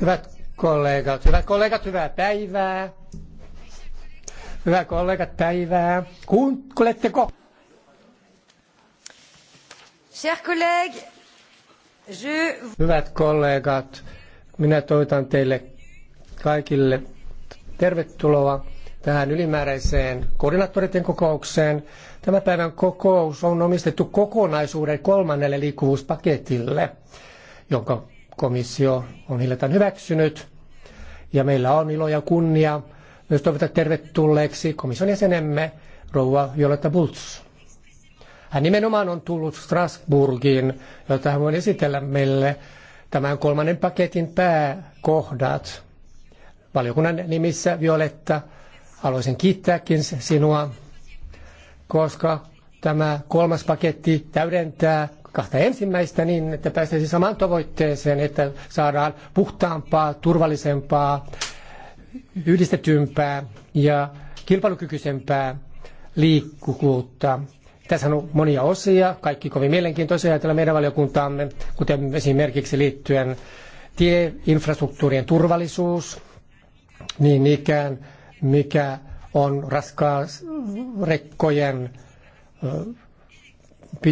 Hyvät kollegat, hyvät kollegat, hyvää päivää. Hyvät kollegat, päivää. Kuunteletteko? Hyvät kollegat, minä toitan teille kaikille tervetuloa tähän ylimääräiseen koordinaattoreiden kokoukseen. Tämän päivän kokous on omistettu kokonaisuuden kolmannelle liikkuvuuspaketille, jonka komissio on hiljattain hyväksynyt. Ja meillä on ilo ja kunnia myös toivota tervetulleeksi komission jäsenemme rouva Violetta Bultz. Hän nimenomaan on tullut Strasbourgiin jotta hän voi esitellä meille tämän kolmannen paketin pääkohdat. Valiokunnan nimissä Violetta, haluaisin kiittääkin sinua, koska tämä kolmas paketti täydentää kahta ensimmäistä niin, että päästäisiin samaan tavoitteeseen, että saadaan puhtaampaa, turvallisempaa, yhdistetympää ja kilpailukykyisempää liikkuvuutta. Tässä on monia osia, kaikki kovin mielenkiintoisia ajatella meidän valiokuntaamme, kuten esimerkiksi liittyen tieinfrastruktuurien turvallisuus, niin ikään mikä on raskaan rekkojen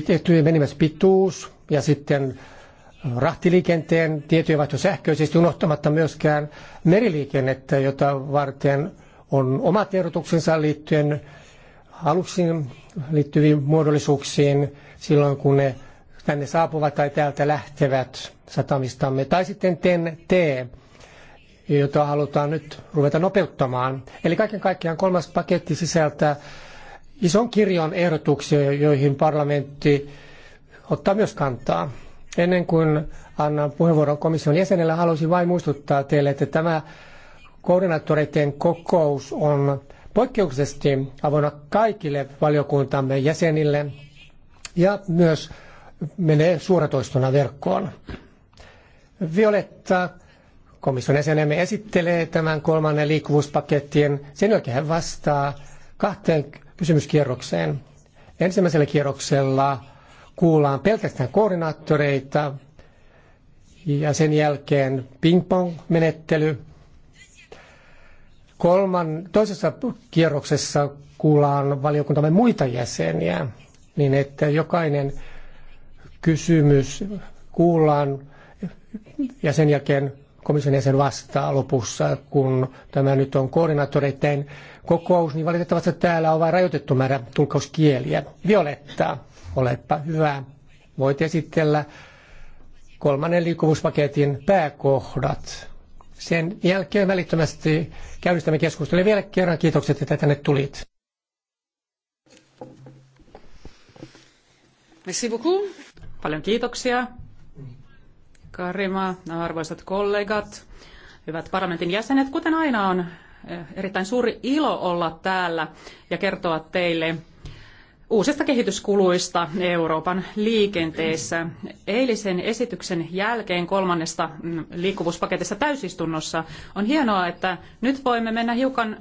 tiettyjen menimmäispituus ja sitten äh, rahtiliikenteen tietojenvaihto sähköisesti unohtamatta myöskään meriliikennettä, jota varten on omat ehdotuksensa liittyen aluksiin liittyviin muodollisuuksiin silloin, kun ne tänne saapuvat tai täältä lähtevät satamistamme. Tai sitten TEN-T, jota halutaan nyt ruveta nopeuttamaan. Eli kaiken kaikkiaan kolmas paketti sisältää ison kirjon ehdotuksia, joihin parlamentti ottaa myös kantaa. Ennen kuin annan puheenvuoron komission jäsenelle, haluaisin vain muistuttaa teille, että tämä koordinaattoreiden kokous on poikkeuksellisesti avoinna kaikille valiokuntamme jäsenille ja myös menee suoratoistona verkkoon. Violetta, komission jäsenemme, esittelee tämän kolmannen liikkuvuuspakettien. Sen jälkeen hän vastaa kahteen kysymyskierrokseen. Ensimmäisellä kierroksella kuullaan pelkästään koordinaattoreita ja sen jälkeen ping-pong-menettely. Kolman, toisessa kierroksessa kuullaan valiokuntamme muita jäseniä, niin että jokainen kysymys kuullaan ja sen jälkeen komission jäsen vastaa lopussa, kun tämä nyt on koordinaattoreiden kokous, niin valitettavasti täällä on vain rajoitettu määrä tulkkauskieliä. Violetta, olepa hyvä. Voit esitellä kolmannen liikkuvuuspaketin pääkohdat. Sen jälkeen välittömästi käynnistämme keskustelun. Vielä kerran kiitokset, että tänne tulit. Merci beaucoup. Paljon kiitoksia. Karima, arvoisat kollegat, hyvät parlamentin jäsenet, kuten aina on Eh, erittäin suuri ilo olla täällä ja kertoa teille uusista kehityskuluista Euroopan liikenteessä. Eilisen esityksen jälkeen kolmannesta mm, liikkuvuuspaketissa täysistunnossa on hienoa, että nyt voimme mennä hiukan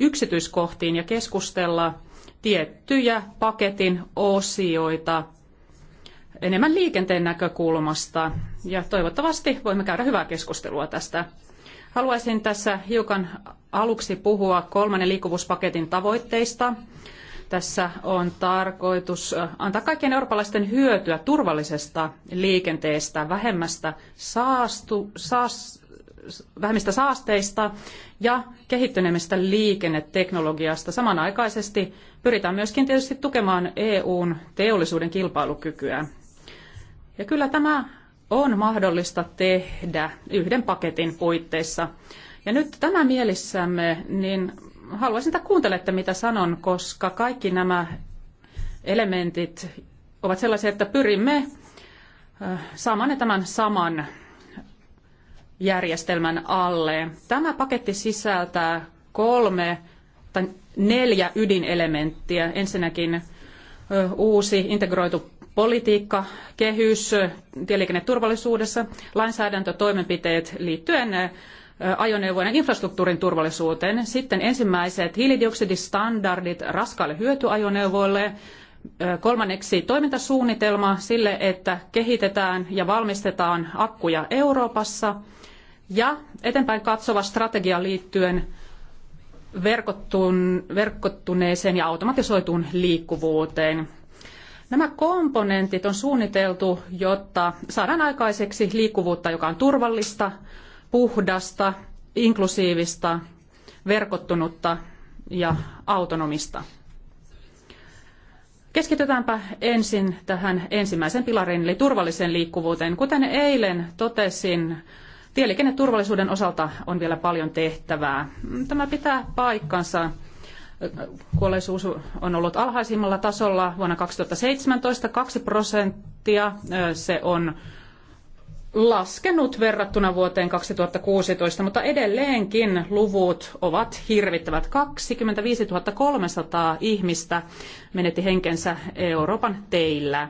yksityiskohtiin ja keskustella tiettyjä paketin osioita enemmän liikenteen näkökulmasta. Ja toivottavasti voimme käydä hyvää keskustelua tästä Haluaisin tässä hiukan aluksi puhua kolmannen liikkuvuuspaketin tavoitteista. Tässä on tarkoitus antaa kaikkien eurooppalaisten hyötyä turvallisesta liikenteestä, vähemmästä saastu, saas, vähemmistä saasteista ja kehittyneemmästä liikenneteknologiasta. Samanaikaisesti pyritään myöskin tietysti tukemaan EUn teollisuuden kilpailukykyä. Ja kyllä tämä on mahdollista tehdä yhden paketin puitteissa. Ja nyt tämä mielissämme, niin haluaisin, että kuuntelette, mitä sanon, koska kaikki nämä elementit ovat sellaisia, että pyrimme saamaan tämän saman järjestelmän alle. Tämä paketti sisältää kolme tai neljä ydinelementtiä. Ensinnäkin uusi integroitu politiikka, kehys tieliikenneturvallisuudessa, lainsäädäntötoimenpiteet liittyen ajoneuvojen infrastruktuurin turvallisuuteen, sitten ensimmäiset hiilidioksidistandardit raskaille hyötyajoneuvoille, kolmanneksi toimintasuunnitelma sille, että kehitetään ja valmistetaan akkuja Euroopassa ja eteenpäin katsova strategia liittyen verkottuneeseen ja automatisoituun liikkuvuuteen. Nämä komponentit on suunniteltu, jotta saadaan aikaiseksi liikkuvuutta, joka on turvallista, puhdasta, inklusiivista, verkottunutta ja autonomista. Keskitytäänpä ensin tähän ensimmäisen pilarin eli turvalliseen liikkuvuuteen. Kuten eilen totesin, tieliikenneturvallisuuden osalta on vielä paljon tehtävää. Tämä pitää paikkansa kuolleisuus on ollut alhaisimmalla tasolla vuonna 2017 2 prosenttia. Se on laskenut verrattuna vuoteen 2016, mutta edelleenkin luvut ovat hirvittävät. 25 300 ihmistä menetti henkensä Euroopan teillä.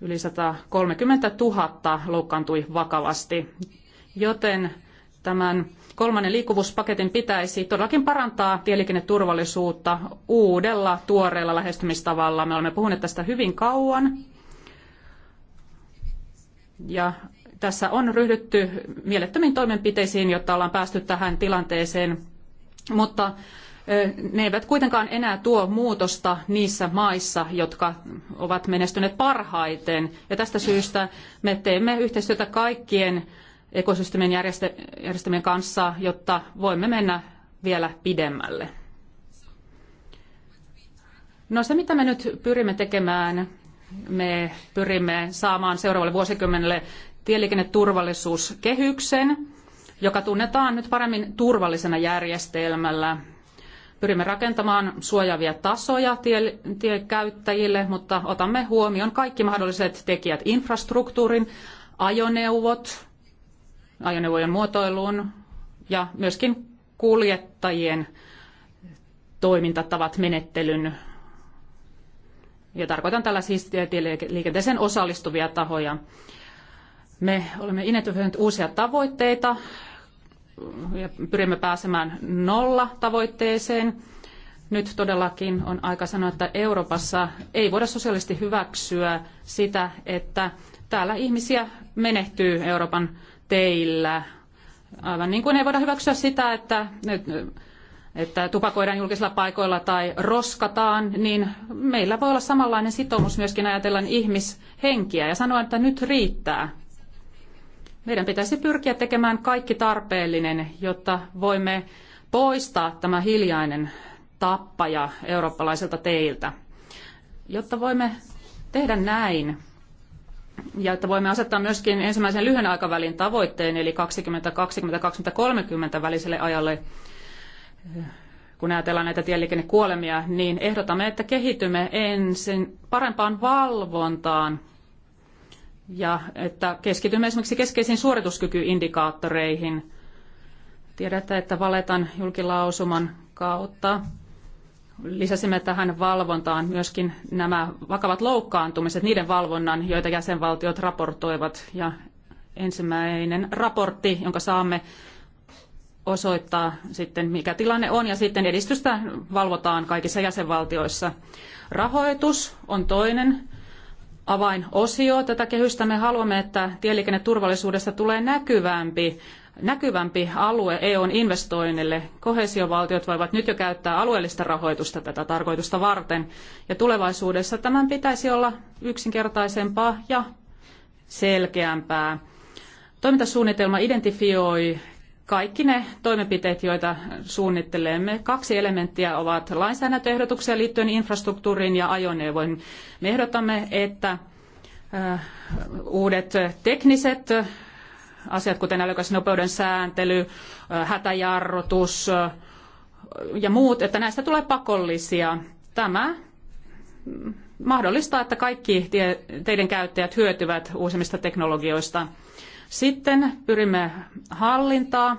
Yli 130 000 loukkaantui vakavasti, joten tämän kolmannen liikkuvuuspaketin pitäisi todellakin parantaa tieliikenneturvallisuutta uudella tuoreella lähestymistavalla. Me olemme puhuneet tästä hyvin kauan ja tässä on ryhdytty mielettömiin toimenpiteisiin, jotta ollaan päästy tähän tilanteeseen, mutta ne eivät kuitenkaan enää tuo muutosta niissä maissa, jotka ovat menestyneet parhaiten. Ja tästä syystä me teemme yhteistyötä kaikkien ekosysteemien järjestelmien kanssa, jotta voimme mennä vielä pidemmälle. No se, mitä me nyt pyrimme tekemään, me pyrimme saamaan seuraavalle vuosikymmenelle tieliikenneturvallisuuskehyksen, joka tunnetaan nyt paremmin turvallisena järjestelmällä. Pyrimme rakentamaan suojaavia tasoja tiekäyttäjille, mutta otamme huomioon kaikki mahdolliset tekijät, infrastruktuurin, ajoneuvot, ajoneuvojen muotoiluun ja myöskin kuljettajien toimintatavat menettelyn. Ja tarkoitan tällä siis liikenteeseen osallistuvia tahoja. Me olemme identifioineet uusia tavoitteita ja pyrimme pääsemään nolla tavoitteeseen. Nyt todellakin on aika sanoa, että Euroopassa ei voida sosiaalisesti hyväksyä sitä, että täällä ihmisiä menehtyy Euroopan teillä. Aivan niin kuin ei voida hyväksyä sitä, että, että tupakoidaan julkisilla paikoilla tai roskataan, niin meillä voi olla samanlainen sitoumus myöskin ajatellen ihmishenkiä ja sanoa, että nyt riittää. Meidän pitäisi pyrkiä tekemään kaikki tarpeellinen, jotta voimme poistaa tämä hiljainen tappaja eurooppalaiselta teiltä. Jotta voimme tehdä näin, ja että voimme asettaa myöskin ensimmäisen lyhyen aikavälin tavoitteen, eli 2020-2030 väliselle ajalle, kun ajatellaan näitä tieliikennekuolemia, niin ehdotamme, että kehitymme ensin parempaan valvontaan ja että keskitymme esimerkiksi keskeisiin suorituskykyindikaattoreihin. Tiedätte, että valetan julkilausuman kautta lisäsimme tähän valvontaan myöskin nämä vakavat loukkaantumiset, niiden valvonnan, joita jäsenvaltiot raportoivat. Ja ensimmäinen raportti, jonka saamme, osoittaa sitten, mikä tilanne on, ja sitten edistystä valvotaan kaikissa jäsenvaltioissa. Rahoitus on toinen avainosio tätä kehystä. Me haluamme, että tieliikenneturvallisuudesta tulee näkyvämpi näkyvämpi alue EUn investoinneille. Kohesiovaltiot voivat nyt jo käyttää alueellista rahoitusta tätä tarkoitusta varten, ja tulevaisuudessa tämän pitäisi olla yksinkertaisempaa ja selkeämpää. Toimintasuunnitelma identifioi kaikki ne toimenpiteet, joita suunnittelemme. Kaksi elementtiä ovat lainsäädäntöehdotuksia liittyen infrastruktuuriin ja ajoneuvoihin. Me ehdotamme, että uudet tekniset asiat, kuten älykäs nopeuden sääntely, hätäjarrutus ja muut, että näistä tulee pakollisia. Tämä mahdollistaa, että kaikki teiden käyttäjät hyötyvät uusimmista teknologioista. Sitten pyrimme hallintaa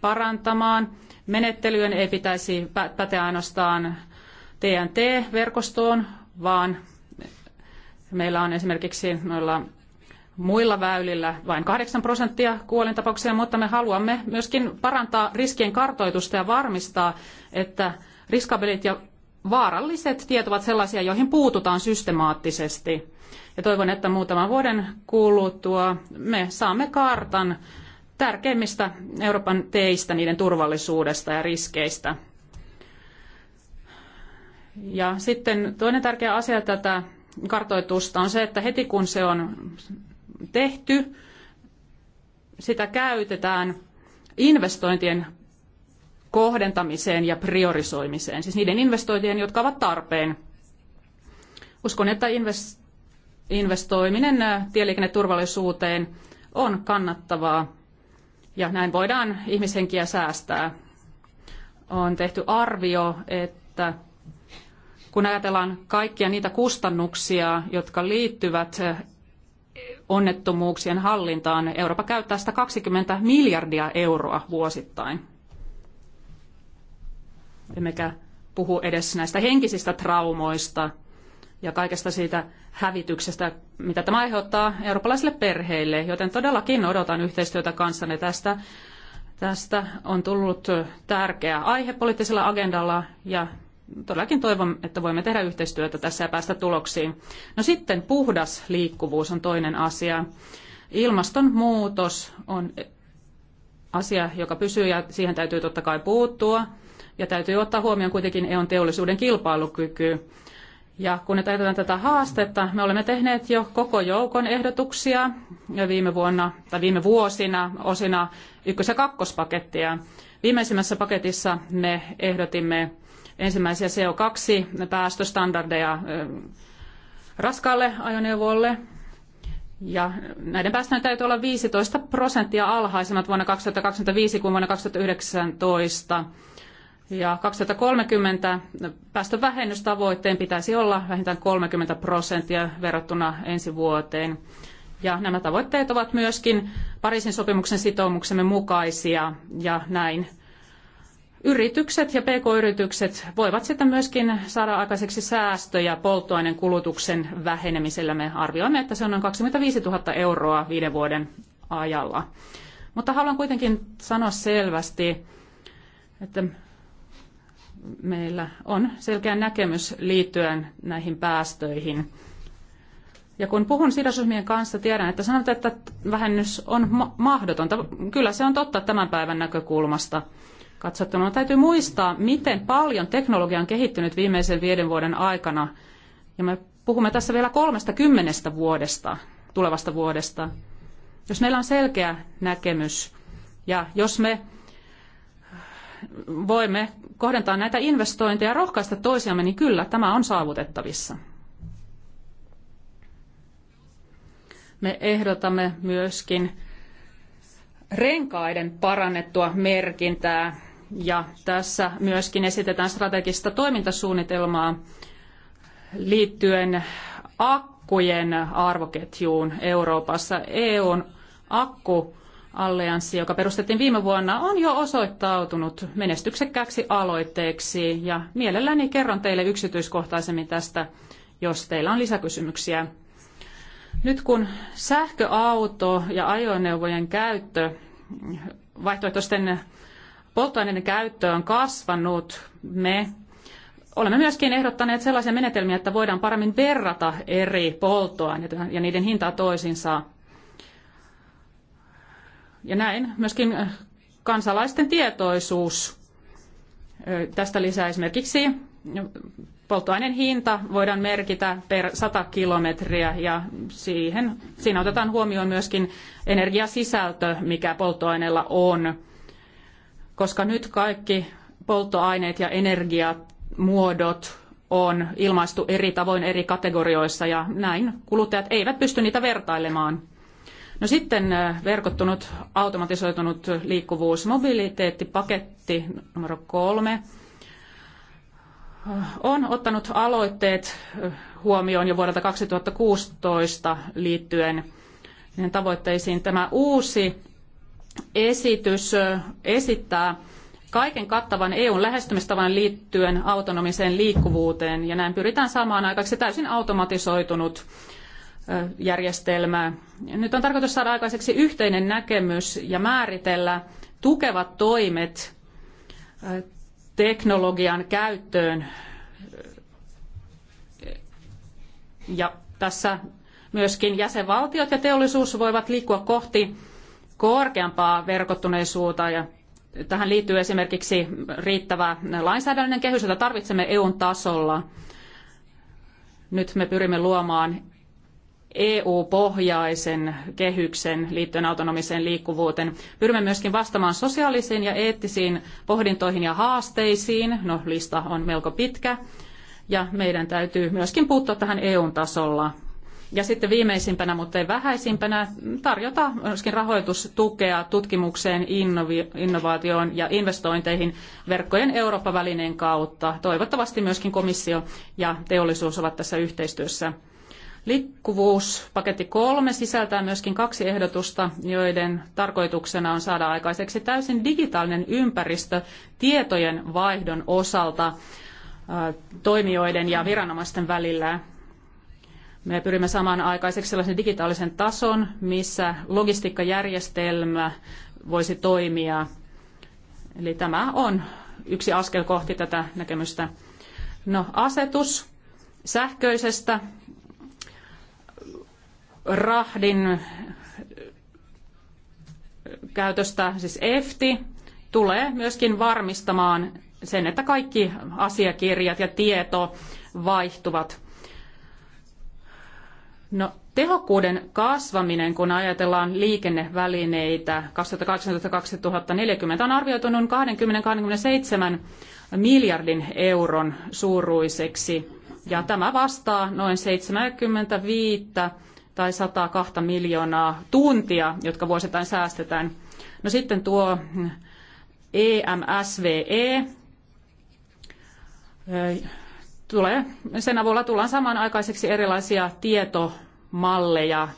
parantamaan. Menettelyjen ei pitäisi päteä ainoastaan TNT-verkostoon, vaan meillä on esimerkiksi noilla muilla väylillä vain 8 prosenttia kuolintapauksia, mutta me haluamme myöskin parantaa riskien kartoitusta ja varmistaa, että riskabelit ja vaaralliset tiet ovat sellaisia, joihin puututaan systemaattisesti. Ja toivon, että muutaman vuoden kuluttua me saamme kartan tärkeimmistä Euroopan teistä, niiden turvallisuudesta ja riskeistä. Ja sitten toinen tärkeä asia tätä kartoitusta on se, että heti kun se on tehty, sitä käytetään investointien kohdentamiseen ja priorisoimiseen, siis niiden investointien, jotka ovat tarpeen. Uskon, että investoiminen tieliikenneturvallisuuteen on kannattavaa ja näin voidaan ihmishenkiä säästää. On tehty arvio, että kun ajatellaan kaikkia niitä kustannuksia, jotka liittyvät onnettomuuksien hallintaan. Eurooppa käyttää 120 miljardia euroa vuosittain. Emmekä puhu edes näistä henkisistä traumoista ja kaikesta siitä hävityksestä, mitä tämä aiheuttaa eurooppalaisille perheille. Joten todellakin odotan yhteistyötä kanssanne tästä. Tästä on tullut tärkeä aihe poliittisella agendalla ja todellakin toivon, että voimme tehdä yhteistyötä tässä ja päästä tuloksiin. No sitten puhdas liikkuvuus on toinen asia. Ilmastonmuutos on asia, joka pysyy ja siihen täytyy totta kai puuttua. Ja täytyy ottaa huomioon kuitenkin EUn teollisuuden kilpailukyky. Ja kun nyt ajatellaan tätä haastetta, me olemme tehneet jo koko joukon ehdotuksia jo viime vuonna tai viime vuosina osina ykkös- ja kakkospakettia. Viimeisimmässä paketissa me ehdotimme ensimmäisiä CO2-päästöstandardeja raskaalle ajoneuvolle. Ja näiden päästöjen täytyy olla 15 prosenttia alhaisemmat vuonna 2025 kuin vuonna 2019. Ja 2030 päästövähennystavoitteen pitäisi olla vähintään 30 prosenttia verrattuna ensi vuoteen. Ja nämä tavoitteet ovat myöskin Pariisin sopimuksen sitoumuksemme mukaisia ja näin yritykset ja pk-yritykset voivat sitten myöskin saada aikaiseksi säästöjä polttoaineen kulutuksen vähenemisellä. Me arvioimme, että se on noin 25 000 euroa viiden vuoden ajalla. Mutta haluan kuitenkin sanoa selvästi, että meillä on selkeä näkemys liittyen näihin päästöihin. Ja kun puhun sidosryhmien kanssa, tiedän, että sanotaan, että vähennys on ma- mahdotonta. Kyllä se on totta tämän päivän näkökulmasta – katsottuna. Täytyy muistaa, miten paljon teknologia on kehittynyt viimeisen viiden vuoden aikana. Ja me puhumme tässä vielä kolmesta kymmenestä vuodesta, tulevasta vuodesta. Jos meillä on selkeä näkemys ja jos me voimme kohdentaa näitä investointeja ja rohkaista toisiamme, niin kyllä tämä on saavutettavissa. Me ehdotamme myöskin renkaiden parannettua merkintää ja tässä myöskin esitetään strategista toimintasuunnitelmaa liittyen akkujen arvoketjuun Euroopassa. EUn akku allianssi, joka perustettiin viime vuonna, on jo osoittautunut menestyksekkääksi aloitteeksi ja mielelläni kerron teille yksityiskohtaisemmin tästä, jos teillä on lisäkysymyksiä. Nyt kun sähköauto ja ajoneuvojen käyttö vaihtoehtoisten polttoaineiden käyttö on kasvanut. Me olemme myöskin ehdottaneet sellaisia menetelmiä, että voidaan paremmin verrata eri polttoaineita ja niiden hintaa toisiinsa. Ja näin myöskin kansalaisten tietoisuus tästä lisää esimerkiksi polttoaineen hinta voidaan merkitä per 100 kilometriä ja siihen, siinä otetaan huomioon myöskin energiasisältö, mikä polttoaineella on koska nyt kaikki polttoaineet ja energiamuodot on ilmaistu eri tavoin eri kategorioissa ja näin kuluttajat eivät pysty niitä vertailemaan. No sitten äh, verkottunut, automatisoitunut liikkuvuus, mobiliteettipaketti numero kolme äh, on ottanut aloitteet äh, huomioon jo vuodelta 2016 liittyen tavoitteisiin. Tämä uusi esitys esittää kaiken kattavan EUn lähestymistavan liittyen autonomiseen liikkuvuuteen, ja näin pyritään saamaan aikaiseksi täysin automatisoitunut järjestelmä. Nyt on tarkoitus saada aikaiseksi yhteinen näkemys ja määritellä tukevat toimet teknologian käyttöön. Ja tässä myöskin jäsenvaltiot ja teollisuus voivat liikkua kohti korkeampaa verkottuneisuutta ja tähän liittyy esimerkiksi riittävä lainsäädännöllinen kehys, jota tarvitsemme EUn tasolla. Nyt me pyrimme luomaan EU-pohjaisen kehyksen liittyen autonomiseen liikkuvuuteen. Pyrimme myöskin vastaamaan sosiaalisiin ja eettisiin pohdintoihin ja haasteisiin. No, lista on melko pitkä. Ja meidän täytyy myöskin puuttua tähän EUn tasolla. Ja sitten viimeisimpänä, mutta ei vähäisimpänä, tarjota myöskin rahoitustukea tutkimukseen, innovaatioon ja investointeihin verkkojen Eurooppa-välineen kautta. Toivottavasti myöskin komissio ja teollisuus ovat tässä yhteistyössä. Liikkuvuuspaketti kolme sisältää myöskin kaksi ehdotusta, joiden tarkoituksena on saada aikaiseksi täysin digitaalinen ympäristö tietojen vaihdon osalta toimijoiden ja viranomaisten välillä me pyrimme saamaan aikaiseksi sellaisen digitaalisen tason, missä logistiikkajärjestelmä voisi toimia. Eli tämä on yksi askel kohti tätä näkemystä. No, asetus sähköisestä rahdin käytöstä, siis EFTI, tulee myöskin varmistamaan sen, että kaikki asiakirjat ja tieto vaihtuvat No, tehokkuuden kasvaminen, kun ajatellaan liikennevälineitä 2018-2040, on arvioitu noin 20-27 miljardin euron suuruiseksi. Ja tämä vastaa noin 75 tai 102 miljoonaa tuntia, jotka vuosittain säästetään. No sitten tuo EMSVE, tulee, sen avulla tullaan saamaan aikaiseksi erilaisia tietomalleja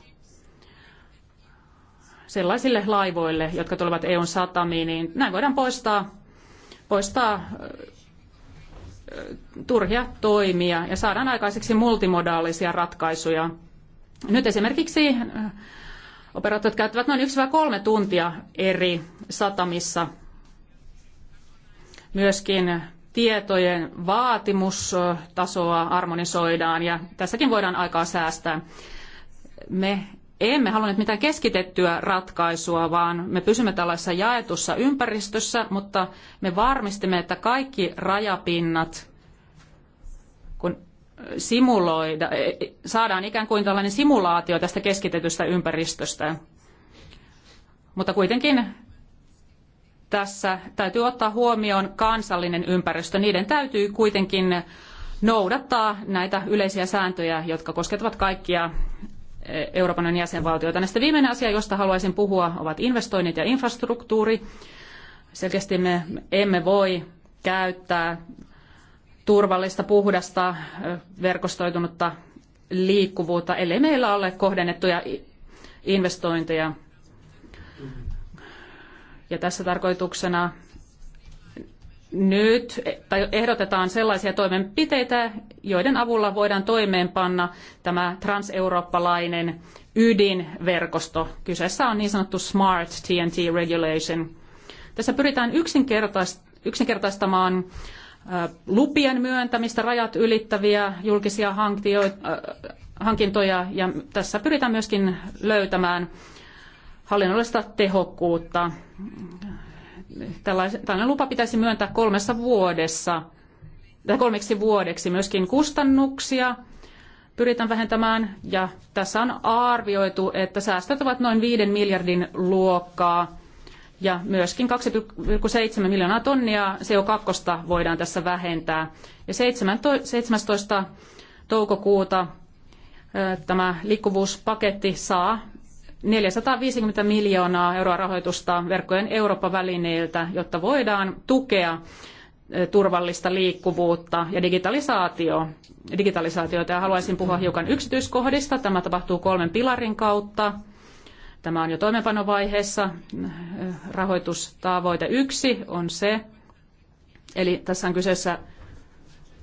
sellaisille laivoille, jotka tulevat EUn satamiin, niin näin voidaan poistaa, poistaa turhia toimia ja saadaan aikaiseksi multimodaalisia ratkaisuja. Nyt esimerkiksi operaattorit käyttävät noin 1-3 tuntia eri satamissa. Myöskin tietojen vaatimustasoa harmonisoidaan ja tässäkin voidaan aikaa säästää. Me emme halunneet mitään keskitettyä ratkaisua, vaan me pysymme tällaisessa jaetussa ympäristössä, mutta me varmistimme, että kaikki rajapinnat kun simuloida, e, e, saadaan ikään kuin tällainen simulaatio tästä keskitetystä ympäristöstä. Mutta kuitenkin tässä täytyy ottaa huomioon kansallinen ympäristö. Niiden täytyy kuitenkin noudattaa näitä yleisiä sääntöjä, jotka koskettavat kaikkia e, Euroopan unionin jäsenvaltioita. Näistä viimeinen asia, josta haluaisin puhua, ovat investoinnit ja infrastruktuuri. Selkeästi me emme voi käyttää turvallista, puhdasta, e, verkostoitunutta liikkuvuutta, ellei meillä ole kohdennettuja investointeja ja tässä tarkoituksena nyt tai ehdotetaan sellaisia toimenpiteitä, joiden avulla voidaan toimeenpanna tämä transeurooppalainen ydinverkosto. Kyseessä on niin sanottu Smart TNT Regulation. Tässä pyritään yksinkertaistamaan lupien myöntämistä, rajat ylittäviä julkisia hankintoja ja tässä pyritään myöskin löytämään hallinnollista tehokkuutta. Tällainen lupa pitäisi myöntää kolmessa vuodessa tai kolmeksi vuodeksi. Myöskin kustannuksia pyritään vähentämään ja tässä on arvioitu, että säästöt ovat noin 5 miljardin luokkaa ja myöskin 2,7 miljoonaa tonnia CO2 voidaan tässä vähentää. Ja 17. toukokuuta tämä liikkuvuuspaketti saa 450 miljoonaa euroa rahoitusta verkkojen Eurooppa-välineiltä, jotta voidaan tukea eh, turvallista liikkuvuutta ja digitalisaatio, digitalisaatiota. Ja haluaisin puhua hiukan yksityiskohdista. Tämä tapahtuu kolmen pilarin kautta. Tämä on jo toimeenpanovaiheessa. Eh, Rahoitustavoite yksi on se, eli tässä on kyseessä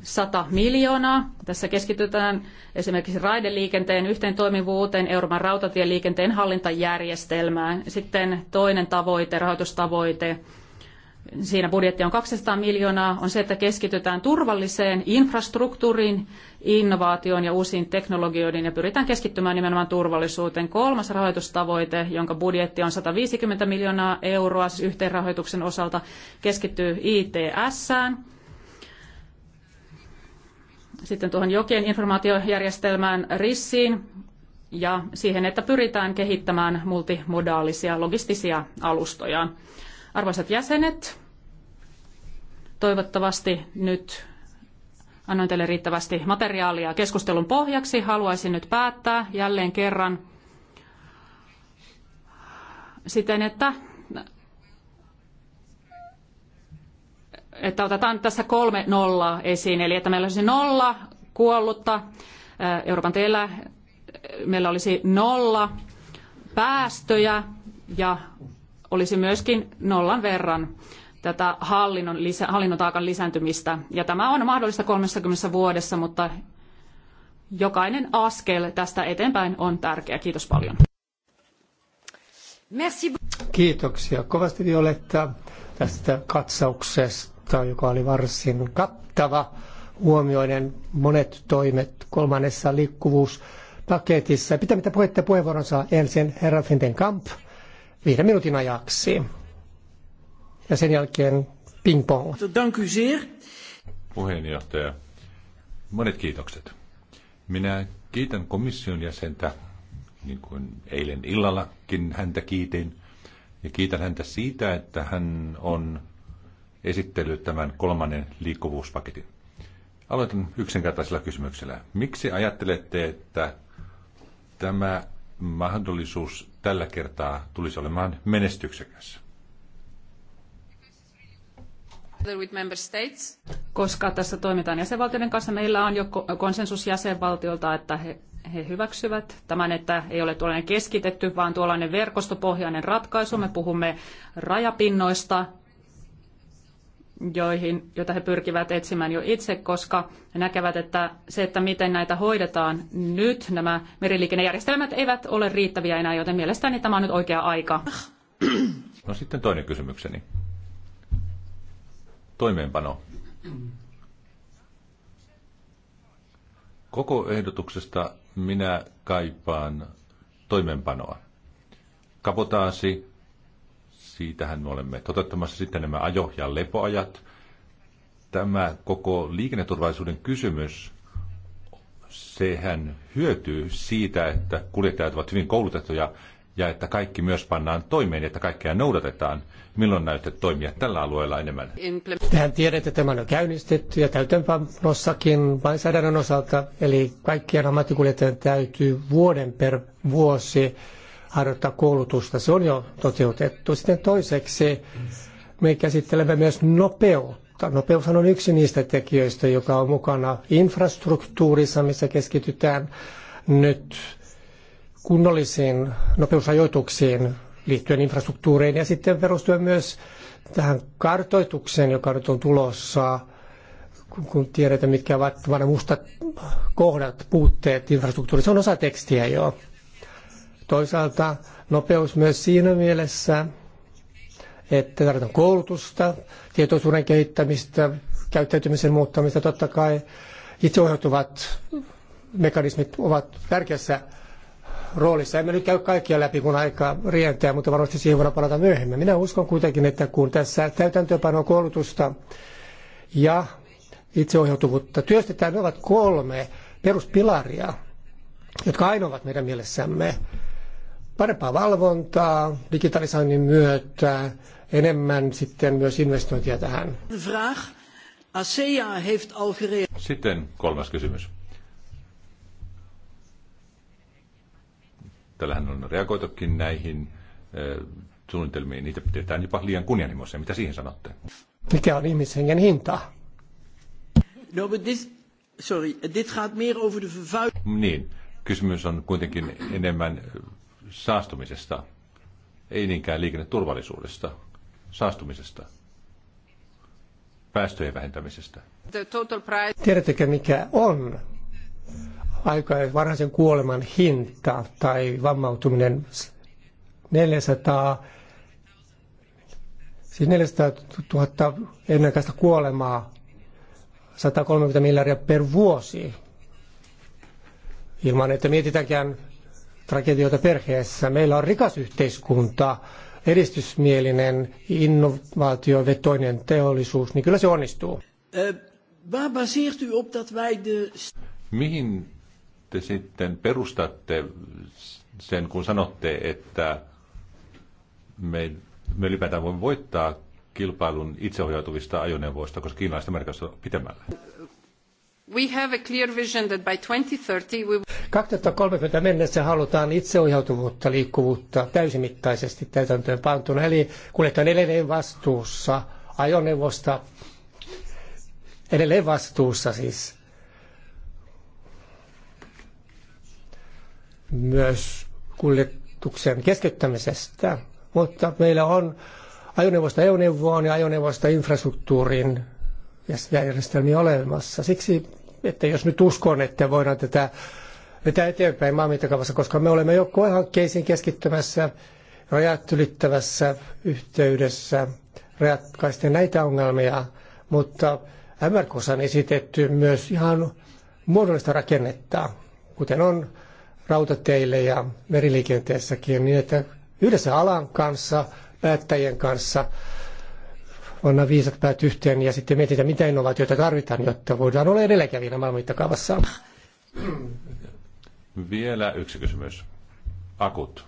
100 miljoonaa. Tässä keskitytään esimerkiksi raideliikenteen yhteentoimivuuteen, Euroopan rautatieliikenteen hallintajärjestelmään. Sitten toinen tavoite, rahoitustavoite, siinä budjetti on 200 miljoonaa, on se, että keskitytään turvalliseen infrastruktuuriin, innovaatioon ja uusiin teknologioihin ja pyritään keskittymään nimenomaan turvallisuuteen. Kolmas rahoitustavoite, jonka budjetti on 150 miljoonaa euroa siis yhteenrahoituksen osalta, keskittyy ITS-ään sitten tuohon jokien informaatiojärjestelmään RISSiin ja siihen, että pyritään kehittämään multimodaalisia logistisia alustoja. Arvoisat jäsenet, toivottavasti nyt annoin teille riittävästi materiaalia keskustelun pohjaksi. Haluaisin nyt päättää jälleen kerran siten, että että otetaan tässä kolme nollaa esiin, eli että meillä olisi nolla kuollutta äh, Euroopan teillä, äh, meillä olisi nolla päästöjä ja olisi myöskin nollan verran tätä hallinnon, lisä, hallinnon taakan lisääntymistä. Ja tämä on mahdollista 30 vuodessa, mutta jokainen askel tästä eteenpäin on tärkeä. Kiitos paljon. Merci. Kiitoksia kovasti Violetta tästä katsauksesta kohtaa, joka oli varsin kattava huomioiden monet toimet kolmannessa liikkuvuuspaketissa. Pitämättä puhetta puheenvuoronsa ensin herra kamp viiden minuutin ajaksi. Ja sen jälkeen ping-pong. Puheenjohtaja, monet kiitokset. Minä kiitän komission jäsentä, niin kuin eilen illallakin häntä kiitin, ja kiitän häntä siitä, että hän on esittely tämän kolmannen liikkuvuuspaketin. Aloitan yksinkertaisella kysymyksellä. Miksi ajattelette, että tämä mahdollisuus tällä kertaa tulisi olemaan menestyksekäs? Koska tässä toimitaan jäsenvaltioiden kanssa, meillä on jo konsensus jäsenvaltiolta, että he, he hyväksyvät tämän, että ei ole tuollainen keskitetty, vaan tuollainen verkostopohjainen ratkaisu. Me puhumme rajapinnoista, joihin, joita he pyrkivät etsimään jo itse, koska he näkevät, että se, että miten näitä hoidetaan nyt, nämä meriliikennejärjestelmät eivät ole riittäviä enää, joten mielestäni tämä on nyt oikea aika. No sitten toinen kysymykseni. Toimeenpano. Koko ehdotuksesta minä kaipaan toimeenpanoa. Kapotaasi, Siitähän me olemme toteuttamassa sitten nämä ajo- ja lepoajat. Tämä koko liikenneturvallisuuden kysymys, sehän hyötyy siitä, että kuljettajat ovat hyvin koulutettuja ja että kaikki myös pannaan toimeen ja että kaikkea noudatetaan. Milloin näytte toimia tällä alueella enemmän? Tähän tiedät, että tämä on käynnistetty ja täytäntöönpanossakin lainsäädännön osalta, eli kaikkien ammattikuljettajien täytyy vuoden per vuosi harjoittaa koulutusta. Se on jo toteutettu. Sitten toiseksi me käsittelemme myös nopeutta. nopeus on yksi niistä tekijöistä, joka on mukana infrastruktuurissa, missä keskitytään nyt kunnollisiin nopeusajoituksiin liittyen infrastruktuuriin ja sitten perustuen myös tähän kartoitukseen, joka nyt on tulossa, kun tiedetään, mitkä ovat mustat kohdat, puutteet infrastruktuurissa. Se on osa tekstiä jo. Toisaalta nopeus myös siinä mielessä, että tarvitaan koulutusta, tietoisuuden kehittämistä, käyttäytymisen muuttamista. Totta kai itseohjautuvat mekanismit ovat tärkeässä roolissa. Emme nyt käy kaikkia läpi, kun aika rientää, mutta varmasti siihen voidaan palata myöhemmin. Minä uskon kuitenkin, että kun tässä täytäntöönpanoa koulutusta ja itseohjautuvuutta työstetään, ne ovat kolme peruspilaria, jotka aina ovat meidän mielessämme parempaa valvontaa digitalisoinnin myötä, enemmän sitten myös investointia tähän. Sitten kolmas kysymys. Tällähän on reagoitukin näihin suunnitelmiin. Niitä pidetään jopa liian kunnianhimoisia. Mitä siihen sanotte? Mikä on ihmishengen hinta? No, but this, sorry, this gaat meer over the vervuiling. Niin, kysymys on kuitenkin enemmän saastumisesta, ei niinkään liikenneturvallisuudesta, saastumisesta, päästöjen vähentämisestä. Tiedättekö mikä on aika varhaisen kuoleman hinta tai vammautuminen 400, siis 400 000 ennenkäistä kuolemaa, 130 miljardia per vuosi, ilman että mietitäänkään tragedioita perheessä. Meillä on rikas yhteiskunta, edistysmielinen, innovaatiovetoinen teollisuus, niin kyllä se onnistuu. Eh, Mihin te sitten perustatte sen, kun sanotte, että me, me ylipäätään voimme voittaa kilpailun itseohjautuvista ajoneuvoista, koska kiinalaiset merkitys on pitemmällä? We have a clear vision that by 2030 we... mennessä halutaan itseohjautuvuutta, liikkuvuutta täysimittaisesti täytäntöön pantuna, eli kuljetaan edelleen vastuussa ajoneuvosta, edelleen vastuussa siis myös kuljetuksen keskeyttämisestä, mutta meillä on ajoneuvosta ajoneuvoon ja ajoneuvosta infrastruktuuriin ja sitä järjestelmiä olemassa. Siksi, että jos nyt uskon, että voidaan tätä vetää eteenpäin maan mittakaavassa, koska me olemme jo koehankkeisiin keskittymässä, rajat ylittävässä yhteydessä, ratkaisten näitä ongelmia, mutta MRKssa on esitetty myös ihan muodollista rakennetta, kuten on rautateille ja meriliikenteessäkin, niin että yhdessä alan kanssa, päättäjien kanssa panna päät yhteen ja sitten mietitään, mitä innovaatioita tarvitaan, jotta voidaan olla edelläkävijänä maailman mittakaavassa. Vielä yksi kysymys. Akut.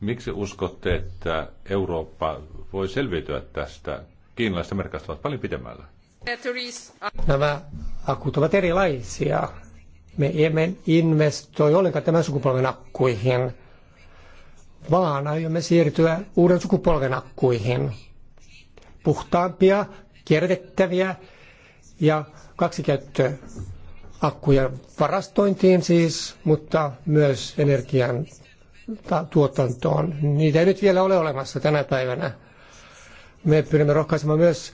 Miksi uskotte, että Eurooppa voi selviytyä tästä? Kiinalaiset merkasta ovat paljon pidemmällä. Nämä akut ovat erilaisia. Me emme investoi ollenkaan tämän sukupolven akkuihin vaan aiomme siirtyä uuden sukupolven akkuihin. Puhtaampia, kierrätettäviä ja kaksikäyttöakkuja varastointiin siis, mutta myös energian tuotantoon. Niitä ei nyt vielä ole olemassa tänä päivänä. Me pyrimme rohkaisemaan myös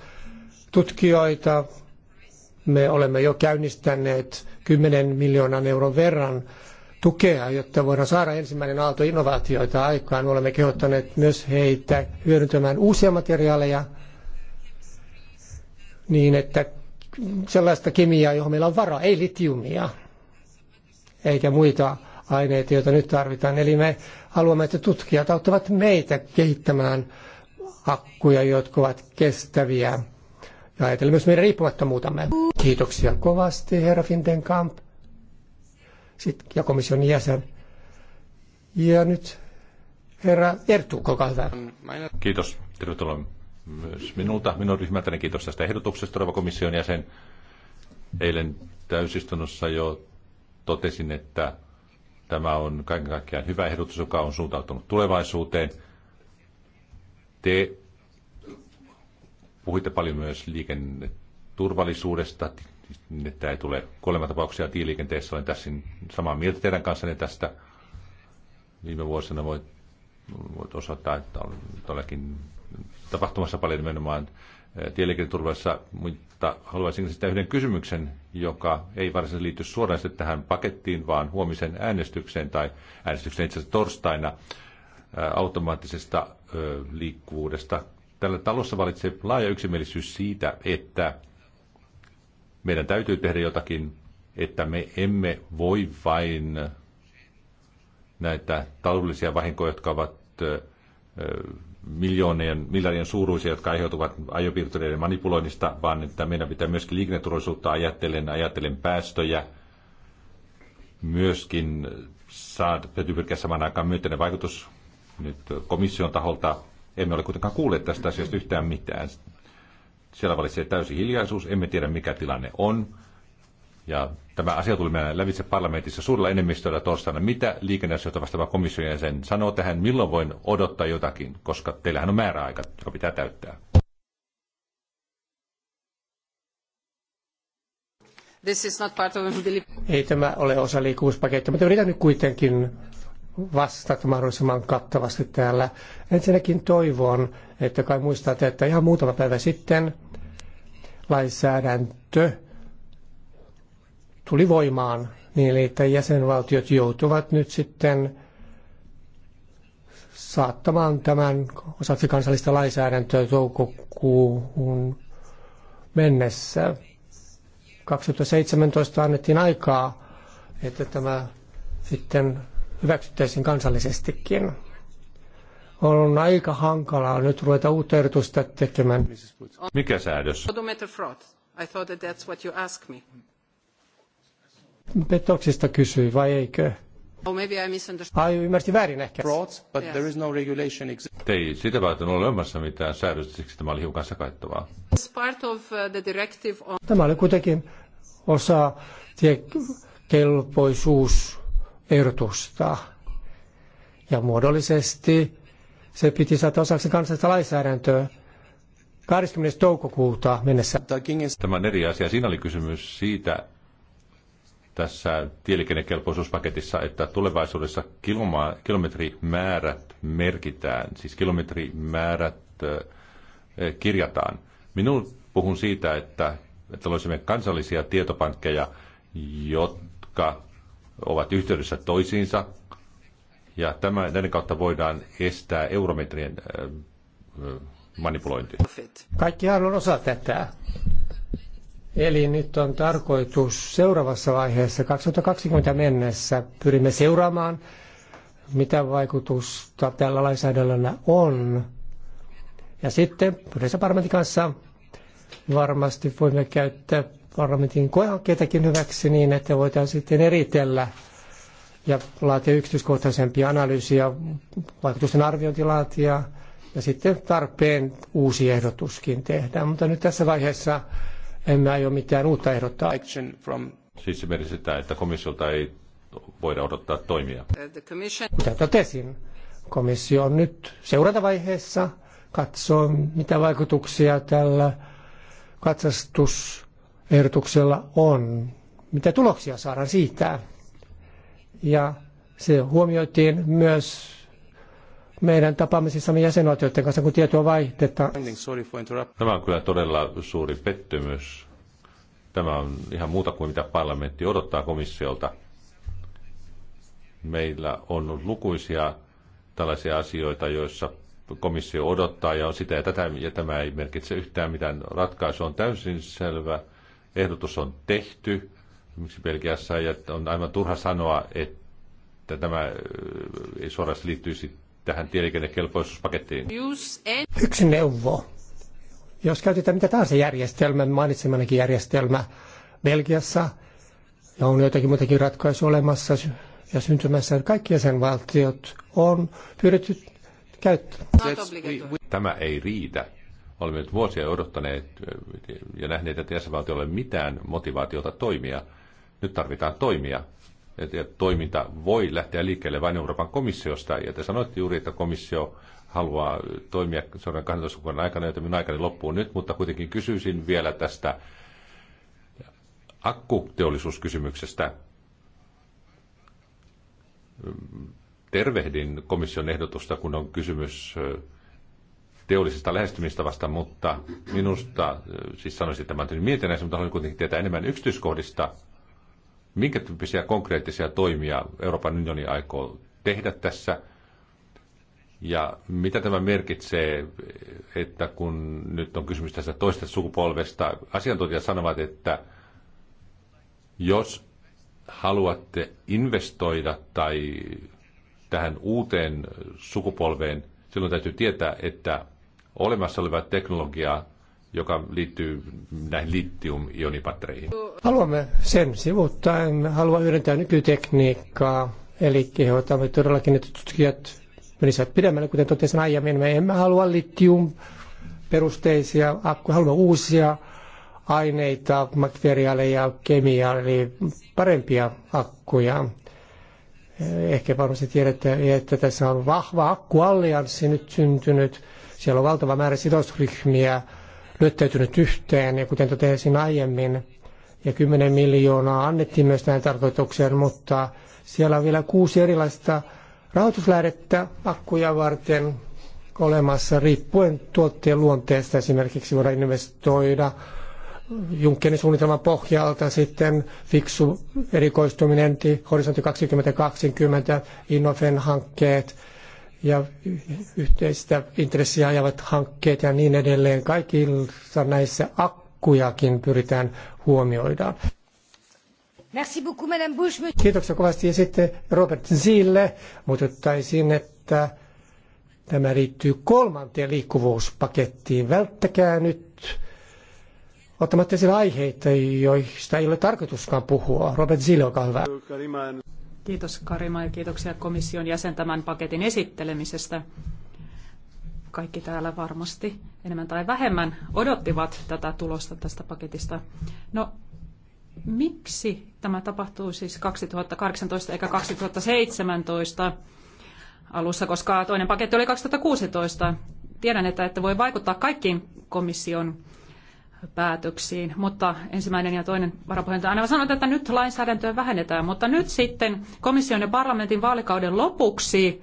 tutkijoita. Me olemme jo käynnistäneet 10 miljoonan euron verran tukea, jotta voidaan saada ensimmäinen aalto innovaatioita aikaan. Me olemme kehottaneet myös heitä hyödyntämään uusia materiaaleja niin, että sellaista kemiaa, johon meillä on varaa, ei litiumia eikä muita aineita, joita nyt tarvitaan. Eli me haluamme, että tutkijat auttavat meitä kehittämään akkuja, jotka ovat kestäviä. Ja ajatellen myös meidän riippumattomuutamme. Kiitoksia kovasti, herra Kamp sit, ja komission jäsen. Ja nyt herra Erttu, olkaa hyvä. Kiitos. Tervetuloa myös minulta, minun ryhmältäni. Kiitos tästä ehdotuksesta, oleva komission jäsen. Eilen täysistunnossa jo totesin, että tämä on kaiken kaikkiaan hyvä ehdotus, joka on suuntautunut tulevaisuuteen. Te puhuitte paljon myös liikenneturvallisuudesta, että ei tule kuolematapauksia tieliikenteessä. Olen tässä samaa mieltä teidän kanssanne tästä. Viime vuosina voit, voit osoittaa, että on todellakin tapahtumassa paljon nimenomaan eh, tieliikenneturvallisessa, mutta haluaisin sitä yhden kysymyksen, joka ei varsinaisesti liity suoraan tähän pakettiin, vaan huomisen äänestykseen tai äänestykseen itse asiassa torstaina eh, automaattisesta eh, liikkuvuudesta. Tällä talossa valitsee laaja yksimielisyys siitä, että meidän täytyy tehdä jotakin, että me emme voi vain näitä taloudellisia vahinkoja, jotka ovat miljoonien, miljardien suuruisia, jotka aiheutuvat ajopiirtureiden manipuloinnista, vaan että meidän pitää myöskin liikenneturvallisuutta ajatellen, ajatellen päästöjä, myöskin saada, täytyy pyrkiä samaan aikaan myönteinen vaikutus nyt komission taholta. Emme ole kuitenkaan kuulleet tästä asiasta yhtään mitään. Siellä valitsee täysi hiljaisuus, emme tiedä mikä tilanne on. Ja tämä asia tuli meidän lävitse parlamentissa suurella enemmistöllä torstaina. Mitä liikenneasioita vastaava komission jäsen sanoo tähän, milloin voin odottaa jotakin, koska teillähän on määräaika, joka pitää täyttää. This is not part of... Ei tämä ole osa liikkuvuuspakettia, mutta yritän nyt kuitenkin vastata mahdollisimman kattavasti täällä. Ensinnäkin toivon, että kai muistatte, että ihan muutama päivä sitten lainsäädäntö tuli voimaan, niin että jäsenvaltiot joutuvat nyt sitten saattamaan tämän osaksi kansallista lainsäädäntöä toukokuun mennessä. 2017 annettiin aikaa, että tämä sitten hyväksyttäisiin kansallisestikin. On aika hankalaa nyt ruveta uutta ehdotusta tekemään. Mikä säädös? I thought that that's what you asked me. Petoksista kysyi, vai eikö? Oh, maybe I misunderstood. Ai, ymmärsin väärin ehkä. Frauds, but yes. there is no regulation exist. Ei sitä varten ole olemassa mitään säädöstä, siksi tämä oli hiukan sakaittavaa. Part of uh, the directive on... Tämä oli kuitenkin osa tiekelpoisuus ehdotusta. Ja muodollisesti se piti saada osaksi kansallista lainsäädäntöä 20. toukokuuta mennessä. Tämä on eri asia. Siinä oli kysymys siitä tässä tieliikennekelpoisuuspaketissa, että tulevaisuudessa kilometrimäärät merkitään, siis kilometrimäärät eh, kirjataan. Minun puhun siitä, että, että loisimme kansallisia tietopankkeja, jotka ovat yhteydessä toisiinsa. Ja tämä, näiden kautta voidaan estää eurometrien äh, äh, manipulointi. Kaikki on osa tätä. Eli nyt on tarkoitus seuraavassa vaiheessa 2020 mennessä pyrimme seuraamaan, mitä vaikutusta tällä lainsäädännöllä on. Ja sitten yhdessä parlamentin kanssa varmasti voimme käyttää parlamentin koehankkeitakin hyväksi niin, että voitaisiin sitten eritellä ja laatia yksityiskohtaisempia analyysiä, vaikutusten arviointilaatia ja sitten tarpeen uusi ehdotuskin tehdä, Mutta nyt tässä vaiheessa emme aio mitään uutta ehdottaa. From... Siis se merkitsee sitä, että komissiolta ei voida odottaa toimia. Commission... Kuten totesin, komissio on nyt seurantavaiheessa, katsoo mitä vaikutuksia tällä katsastus ehdotuksella on, mitä tuloksia saadaan siitä. Ja se huomioitiin myös meidän tapaamisissamme siis jäsenvaltioiden kanssa, kun tietoa vaihtetta. Tämä on kyllä todella suuri pettymys. Tämä on ihan muuta kuin mitä parlamentti odottaa komissiolta. Meillä on lukuisia tällaisia asioita, joissa komissio odottaa ja on sitä ja tätä, ja tämä ei merkitse yhtään mitään ratkaisu On täysin selvä, ehdotus on tehty, miksi Belgiassa, ja on aivan turha sanoa, että tämä ei suoraan liittyisi tähän tieliikennekelpoisuuspakettiin. Yksi neuvo. Jos käytetään mitä tahansa järjestelmä, mainitsemanakin järjestelmä Belgiassa, ja on joitakin muitakin ratkaisuja olemassa ja syntymässä, niin kaikki jäsenvaltiot on pyritty käyttämään. Tämä ei riitä Olemme nyt vuosia odottaneet äh, ja nähneet, että jäsenvaltiolla ei ole mitään motivaatiota toimia. Nyt tarvitaan toimia. Ja toiminta voi lähteä liikkeelle vain Euroopan komissiosta. Ja te sanoitte juuri, että komissio haluaa toimia seuraavan 12 vuoden aikana, joten minun aikani loppuu nyt, mutta kuitenkin kysyisin vielä tästä akkuteollisuuskysymyksestä. Tervehdin komission ehdotusta, kun on kysymys äh, teollisesta lähestymistavasta, mutta minusta, äh, siis sanoisin tämän mietin näissä, mutta haluan kuitenkin tietää enemmän yksityiskohdista, minkä tyyppisiä konkreettisia toimia Euroopan unioni aikoo tehdä tässä, ja mitä tämä merkitsee, että kun nyt on kysymys tästä toista sukupolvesta, asiantuntijat sanovat, että jos haluatte investoida tai tähän uuteen sukupolveen, silloin täytyy tietää, että olemassa olevaa teknologiaa, joka liittyy näihin litium-ionipattereihin. Haluamme sen sivuttaa, Haluamme halua hyödyntää nykytekniikkaa, eli kehotamme todellakin, että tutkijat menisivät pidemmälle, kuten totesin aiemmin, me emme halua litium-perusteisia akkuja, haluamme uusia aineita, materiaaleja, kemiaa, eli parempia akkuja. Ehkä varmasti tiedätte, että tässä on vahva akkuallianssi nyt syntynyt, siellä on valtava määrä sidosryhmiä lyöttäytynyt yhteen, ja kuten totesin aiemmin, ja 10 miljoonaa annettiin myös näin tarkoitukseen, mutta siellä on vielä kuusi erilaista rahoituslähdettä akkuja varten olemassa, riippuen tuotteen luonteesta. Esimerkiksi voidaan investoida Junckerin suunnitelman pohjalta sitten fiksu erikoistuminen, horisontti 2020, Innofen hankkeet, ja yhteistä intressiä ajavat hankkeet ja niin edelleen. Kaikissa näissä akkujakin pyritään huomioidaan. Merci beaucoup, Madame Bush. Kiitoksia kovasti. Ja sitten Robert Zille muistuttaisin, että tämä liittyy kolmanteen liikkuvuuspakettiin. Välttäkää nyt ottamatta esille aiheita, joista ei ole tarkoituskaan puhua. Robert Zille, olkaa hyvä. Kiitos Karima ja kiitoksia komission jäsen tämän paketin esittelemisestä. Kaikki täällä varmasti enemmän tai vähemmän odottivat tätä tulosta tästä paketista. No, miksi tämä tapahtuu siis 2018 eikä 2017 alussa, koska toinen paketti oli 2016? Tiedän, että, että voi vaikuttaa kaikkiin komission päätöksiin. Mutta ensimmäinen ja toinen varapuheenjohtaja aina sanoivat, että nyt lainsäädäntöä vähennetään, mutta nyt sitten komission ja parlamentin vaalikauden lopuksi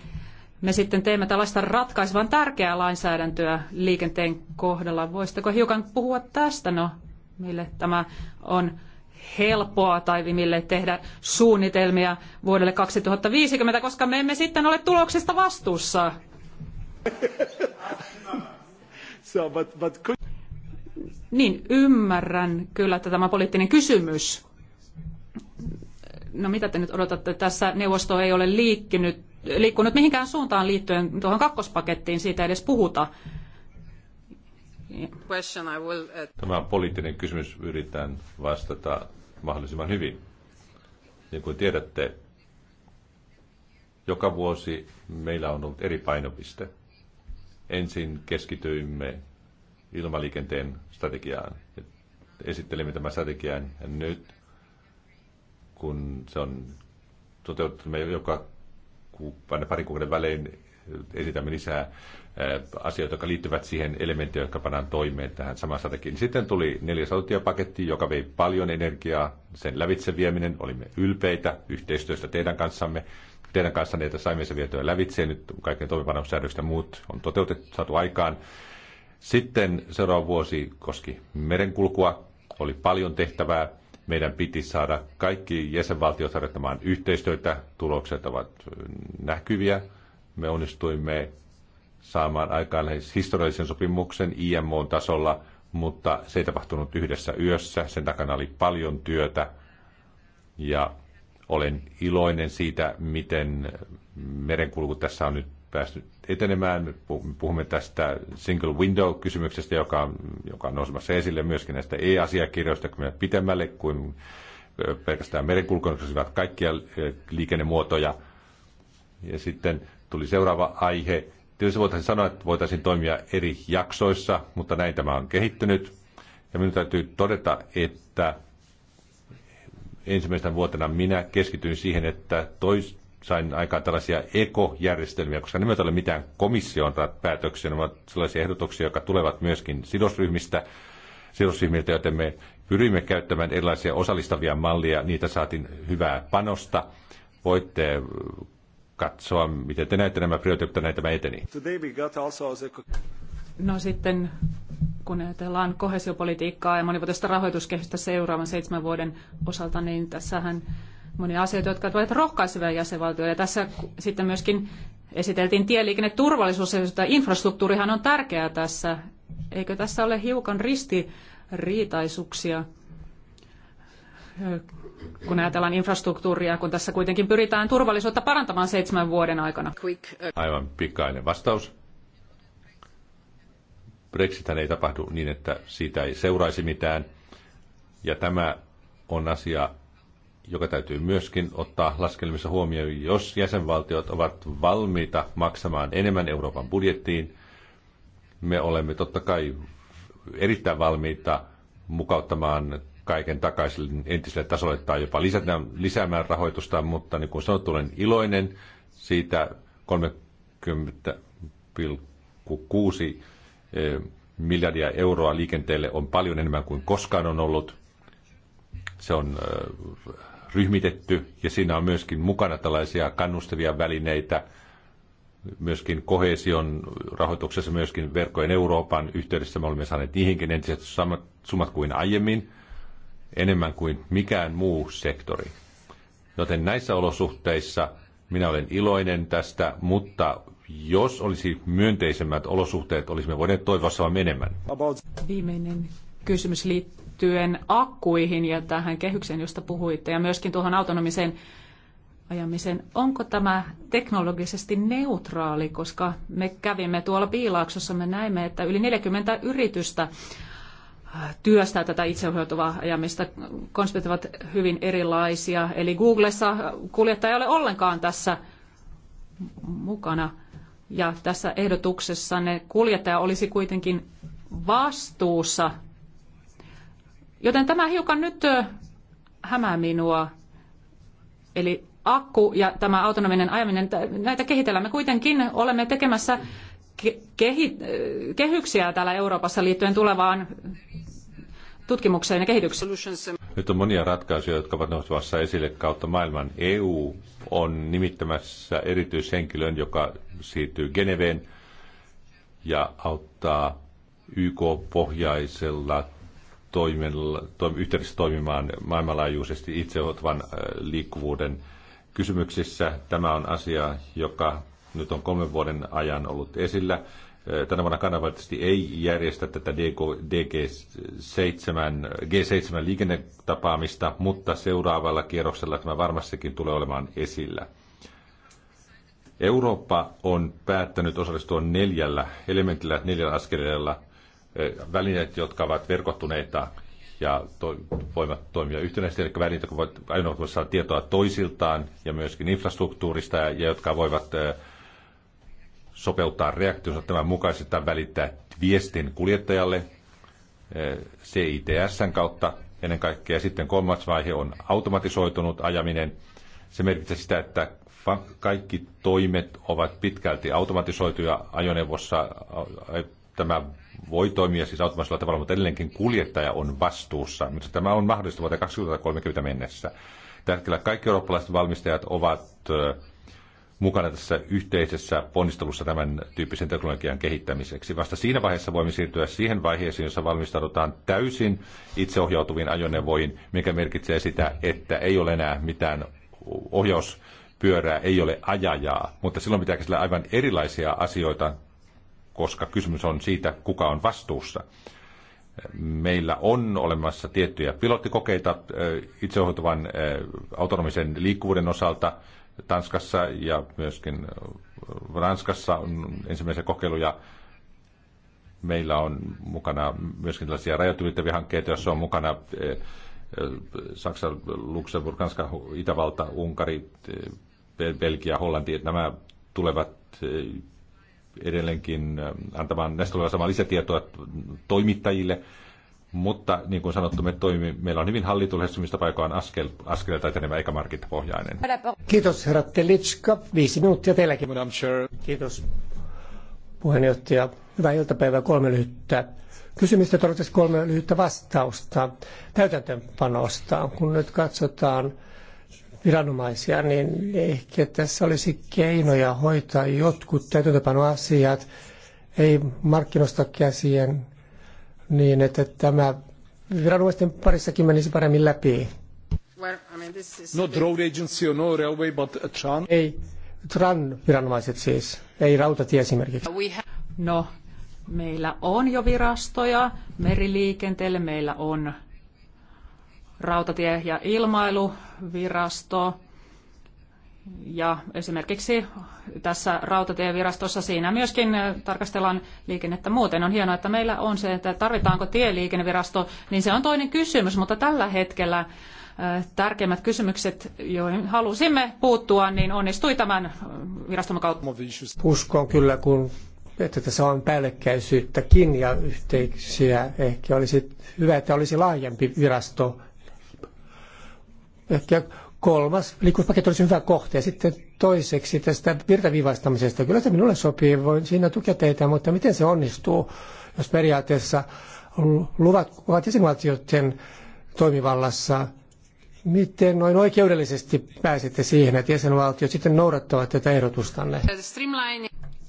me sitten teemme tällaista ratkaisevan tärkeää lainsäädäntöä liikenteen kohdalla. Voisitteko hiukan puhua tästä? No, mille tämä on helppoa tai mille tehdä suunnitelmia vuodelle 2050, koska me emme sitten ole tuloksista vastuussa. so, but, but could... Niin, ymmärrän kyllä, että tämä poliittinen kysymys. No mitä te nyt odotatte? Tässä neuvosto ei ole liikkinyt, liikkunut mihinkään suuntaan liittyen tuohon kakkospakettiin, siitä ei edes puhuta. Uh, tämä poliittinen kysymys, yritän vastata mahdollisimman hyvin. Niin kuin tiedätte, joka vuosi meillä on ollut eri painopiste. Ensin keskityimme ilmaliikenteen strategiaan. Esittelimme tämän strategian nyt, kun se on toteutettu me joka kuukauden, parin kuukauden välein esitämme lisää asioita, jotka liittyvät siihen elementtiin, jotka pannaan toimeen tähän samaan strategiaan. Sitten tuli neljäs paketti, joka vei paljon energiaa. Sen lävitse vieminen, olimme ylpeitä yhteistyöstä teidän kanssamme teidän kanssanne, että saimme se vietyä lävitse. Nyt kaikkien toimipanossäädökset ja muut on toteutettu, saatu aikaan. Sitten seuraava vuosi koski merenkulkua. Oli paljon tehtävää. Meidän piti saada kaikki jäsenvaltiot harjoittamaan yhteistyötä. Tulokset ovat näkyviä. Me onnistuimme saamaan aikaan lähes historiallisen sopimuksen IMO-tasolla, mutta se ei tapahtunut yhdessä yössä. Sen takana oli paljon työtä ja olen iloinen siitä, miten merenkulku tässä on nyt päässyt etenemään. Puhumme tästä single window-kysymyksestä, joka, on, joka on nousemassa esille myöskin näistä e-asiakirjoista pitemmälle kuin pelkästään merenkulkuun, koska kaikkia liikennemuotoja. Ja sitten tuli seuraava aihe. Tietysti voitaisiin sanoa, että voitaisiin toimia eri jaksoissa, mutta näin tämä on kehittynyt. Ja minun täytyy todeta, että ensimmäisenä vuotena minä keskityin siihen, että tois, sain aikaan tällaisia ekojärjestelmiä, koska ne eivät ole mitään komission päätöksiä, ne ovat sellaisia ehdotuksia, jotka tulevat myöskin sidosryhmistä, sidosryhmiltä, joten me pyrimme käyttämään erilaisia osallistavia mallia, niitä saatiin hyvää panosta. Voitte katsoa, miten te näette nämä prioriteetit, näitä tämä eteni. No sitten kun ajatellaan kohesiopolitiikkaa ja monivuotista rahoituskehystä seuraavan seitsemän vuoden osalta, niin tässähän monia asioita, jotka ovat rohkaisevia jäsenvaltioita. Tässä sitten myöskin esiteltiin tieliikenneturvallisuus, ja infrastruktuurihan on tärkeää tässä. Eikö tässä ole hiukan ristiriitaisuuksia, kun ajatellaan infrastruktuuria, kun tässä kuitenkin pyritään turvallisuutta parantamaan seitsemän vuoden aikana? Aivan pikainen vastaus. Brexit ei tapahdu niin, että siitä ei seuraisi mitään. Ja tämä on asia, joka täytyy myöskin ottaa laskelmissa huomioon, jos jäsenvaltiot ovat valmiita maksamaan enemmän Euroopan budjettiin. Me olemme totta kai erittäin valmiita mukauttamaan kaiken takaisin entiselle tasolle tai jopa lisätään, lisäämään rahoitusta, mutta niin kuin sanottu, olen iloinen siitä 30,6 e, miljardia euroa liikenteelle on paljon enemmän kuin koskaan on ollut. Se on e, ryhmitetty ja siinä on myöskin mukana tällaisia kannustavia välineitä, myöskin kohesion rahoituksessa, myöskin verkkojen Euroopan yhteydessä me olemme saaneet niihinkin entiset samat summat kuin aiemmin, enemmän kuin mikään muu sektori. Joten näissä olosuhteissa minä olen iloinen tästä, mutta jos olisi myönteisemmät olosuhteet, olisimme voineet toivoa saavamme enemmän. Viimeinen kysymys liittyy liittyen akkuihin ja tähän kehykseen, josta puhuitte, ja myöskin tuohon autonomiseen ajamiseen. Onko tämä teknologisesti neutraali, koska me kävimme tuolla piilaaksossa, me näimme, että yli 40 yritystä äh, työstää tätä itseohjautuvaa ajamista. Konseptit ovat hyvin erilaisia, eli Googlessa kuljettaja ei ole ollenkaan tässä mukana. Ja tässä ehdotuksessa ne kuljettaja olisi kuitenkin vastuussa Joten tämä hiukan nyt hämää minua. Eli akku ja tämä autonominen ajaminen, näitä kehitellään. Me kuitenkin olemme tekemässä kehi, kehyksiä täällä Euroopassa liittyen tulevaan tutkimukseen ja kehitykseen. Nyt on monia ratkaisuja, jotka ovat nousemassa esille kautta maailman. EU on nimittämässä erityishenkilön, joka siirtyy Geneveen ja auttaa YK-pohjaisella to, yhteydessä toimimaan maailmanlaajuisesti itseohjautuvan äh, liikkuvuuden kysymyksissä. Tämä on asia, joka nyt on kolmen vuoden ajan ollut esillä. Äh, tänä vuonna kannanvaltaisesti ei järjestä tätä DG7, G7-liikennetapaamista, mutta seuraavalla kierroksella tämä varmastikin tulee olemaan esillä. Eurooppa on päättänyt osallistua neljällä elementillä, neljällä askeleella – välineet, jotka ovat verkottuneita ja to, voivat toimia yhtenäisesti, eli välineet, jotka voivat ainoastaan saada tietoa toisiltaan ja myöskin infrastruktuurista, ja, ja jotka voivat sopeuttaa reaktionsa tämän mukaisesti tai välittää viestin kuljettajalle CITSn kautta ennen kaikkea. Sitten kolmas vaihe on automatisoitunut ajaminen. Se merkitsee sitä, että kaikki toimet ovat pitkälti automatisoituja ajoneuvossa. Tämä voi toimia siis automaattisella tavalla, mutta edelleenkin kuljettaja on vastuussa. Mutta tämä on mahdollista vuoteen 2030 mennessä. Tällä hetkellä kaikki eurooppalaiset valmistajat ovat mukana tässä yhteisessä ponnistelussa tämän tyyppisen teknologian kehittämiseksi. Vasta siinä vaiheessa voimme siirtyä siihen vaiheeseen, jossa valmistaudutaan täysin itseohjautuviin ajoneuvoihin, mikä merkitsee sitä, että ei ole enää mitään ohjauspyörää, pyörää ei ole ajajaa, mutta silloin pitää käsitellä aivan erilaisia asioita koska kysymys on siitä, kuka on vastuussa. Meillä on olemassa tiettyjä pilottikokeita itseohjautuvan autonomisen liikkuvuuden osalta Tanskassa ja myöskin Ranskassa on ensimmäisiä kokeiluja. Meillä on mukana myöskin tällaisia rajat hankkeita, joissa on mukana Saksa, Luxemburg, Ranska, Itävalta, Unkari, Belgia, Hollanti. Nämä tulevat edelleenkin ähm, antamaan näistä tulee samaa lisätietoa toimittajille. Mutta niin kuin sanottu, me toimi, meillä on hyvin hallittu lähestymistapa, joka on askel, askel tai tänne eikä markkintapohjainen. Kiitos herra Telitska. Viisi minuuttia teilläkin. Madam Kiitos puheenjohtaja. Hyvää iltapäivää. Kolme lyhyttä kysymystä, todennäköisesti kolme lyhyttä vastausta täytäntöönpanosta. Kun nyt katsotaan viranomaisia, niin ehkä tässä olisi keinoja hoitaa jotkut täytäntöpanoasiat, ei markkinoista käsien, niin että tämä viranomaisten parissakin menisi paremmin läpi. No, no Tran. Ei, Tran viranomaiset siis, ei rautatie esimerkiksi. No, meillä on jo virastoja meriliikenteelle, meillä on rautatie- ja ilmailuvirasto. Ja esimerkiksi tässä rautatievirastossa siinä myöskin eh, tarkastellaan liikennettä muuten. On hienoa, että meillä on se, että tarvitaanko tieliikennevirasto, niin se on toinen kysymys, mutta tällä hetkellä eh, tärkeimmät kysymykset, joihin halusimme puuttua, niin onnistui tämän eh, viraston kautta. Uskon kyllä, kun että tässä on päällekkäisyyttäkin ja yhteyksiä. Ehkä olisi hyvä, että olisi laajempi virasto ehkä kolmas liikkuvuuspaketti olisi hyvä kohta. Ja sitten toiseksi tästä virtaviivastamisesta. Kyllä se minulle sopii, voin siinä tukea teitä, mutta miten se onnistuu, jos periaatteessa luvat ovat jäsenvaltioiden toimivallassa Miten noin oikeudellisesti pääsette siihen, että jäsenvaltiot sitten noudattavat tätä ehdotustanne?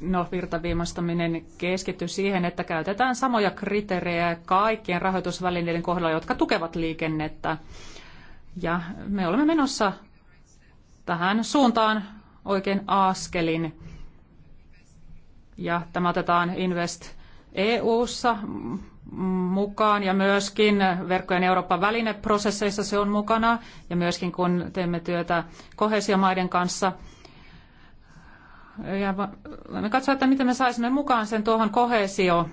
No, virtaviimastaminen keskittyy siihen, että käytetään samoja kriteerejä kaikkien rahoitusvälineiden kohdalla, jotka tukevat liikennettä. Ja me olemme menossa tähän suuntaan oikein askelin. Ja tämä otetaan Invest EU:ssa mukaan ja myöskin verkkojen Euroopan välineprosesseissa se on mukana ja myöskin kun teemme työtä kohesiomaiden kanssa. Ja me katsoa, että miten me saisimme mukaan sen tuohon kohesio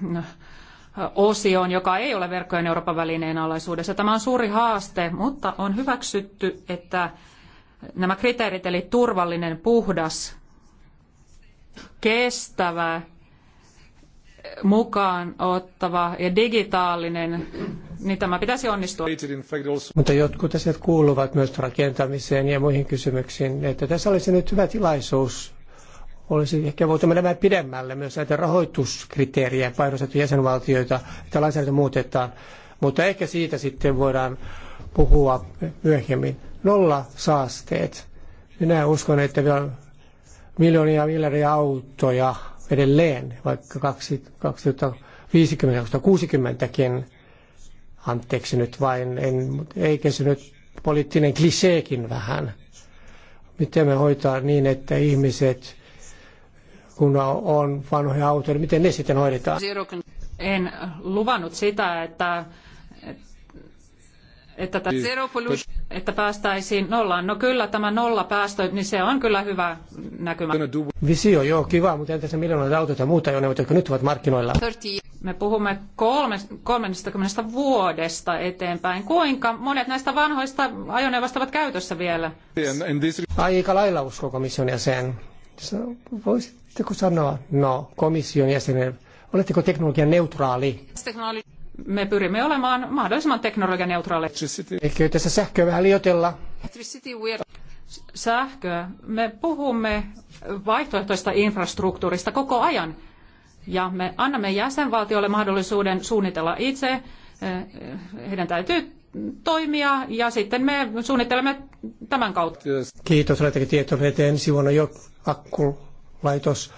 osioon, joka ei ole verkkojen Euroopan välineen alaisuudessa. Tämä on suuri haaste, mutta on hyväksytty, että nämä kriteerit, eli turvallinen, puhdas, kestävä, mukaan ottava ja digitaalinen, niin tämä pitäisi onnistua. Mutta jotkut asiat kuuluvat myös rakentamiseen ja muihin kysymyksiin, että tässä olisi nyt hyvä tilaisuus olisi ehkä voitu mennä pidemmälle myös näitä rahoituskriteerejä painostettu jäsenvaltioita, että lainsäädäntö muutetaan, mutta ehkä siitä sitten voidaan puhua myöhemmin. Nolla saasteet. Minä uskon, että vielä miljoonia miljardia autoja edelleen, vaikka 2050 60kin, anteeksi nyt vain, en, eikö se nyt poliittinen kliseekin vähän, miten me hoitaa niin, että ihmiset kun on vanhoja autoja, niin miten ne sitten hoidetaan? En luvannut sitä, että että, pollution, että päästäisiin nollaan. No kyllä tämä nolla päästö, niin se on kyllä hyvä näkymä. Visio, joo, kiva, mutta entä se miljoonat autot ja muut ajoneuvot, jotka nyt ovat markkinoilla? Me puhumme kolme, 30 vuodesta eteenpäin. Kuinka monet näistä vanhoista ajoneuvoista ovat käytössä vielä? Aika lailla uskoo komission jäsen. Voisitteko sanoa, no komission jäsenen, oletteko teknologian neutraali? Me pyrimme olemaan mahdollisimman teknologianeutraali. Eikö tässä sähköä vähän liotella? Sähköä. Me puhumme vaihtoehtoista infrastruktuurista koko ajan. Ja me annamme jäsenvaltiolle mahdollisuuden suunnitella itse. Eh, eh, heidän täytyy toimia ja sitten me suunnittelemme tämän kautta. Kiitos, että ensi vuonna jo akkulaitos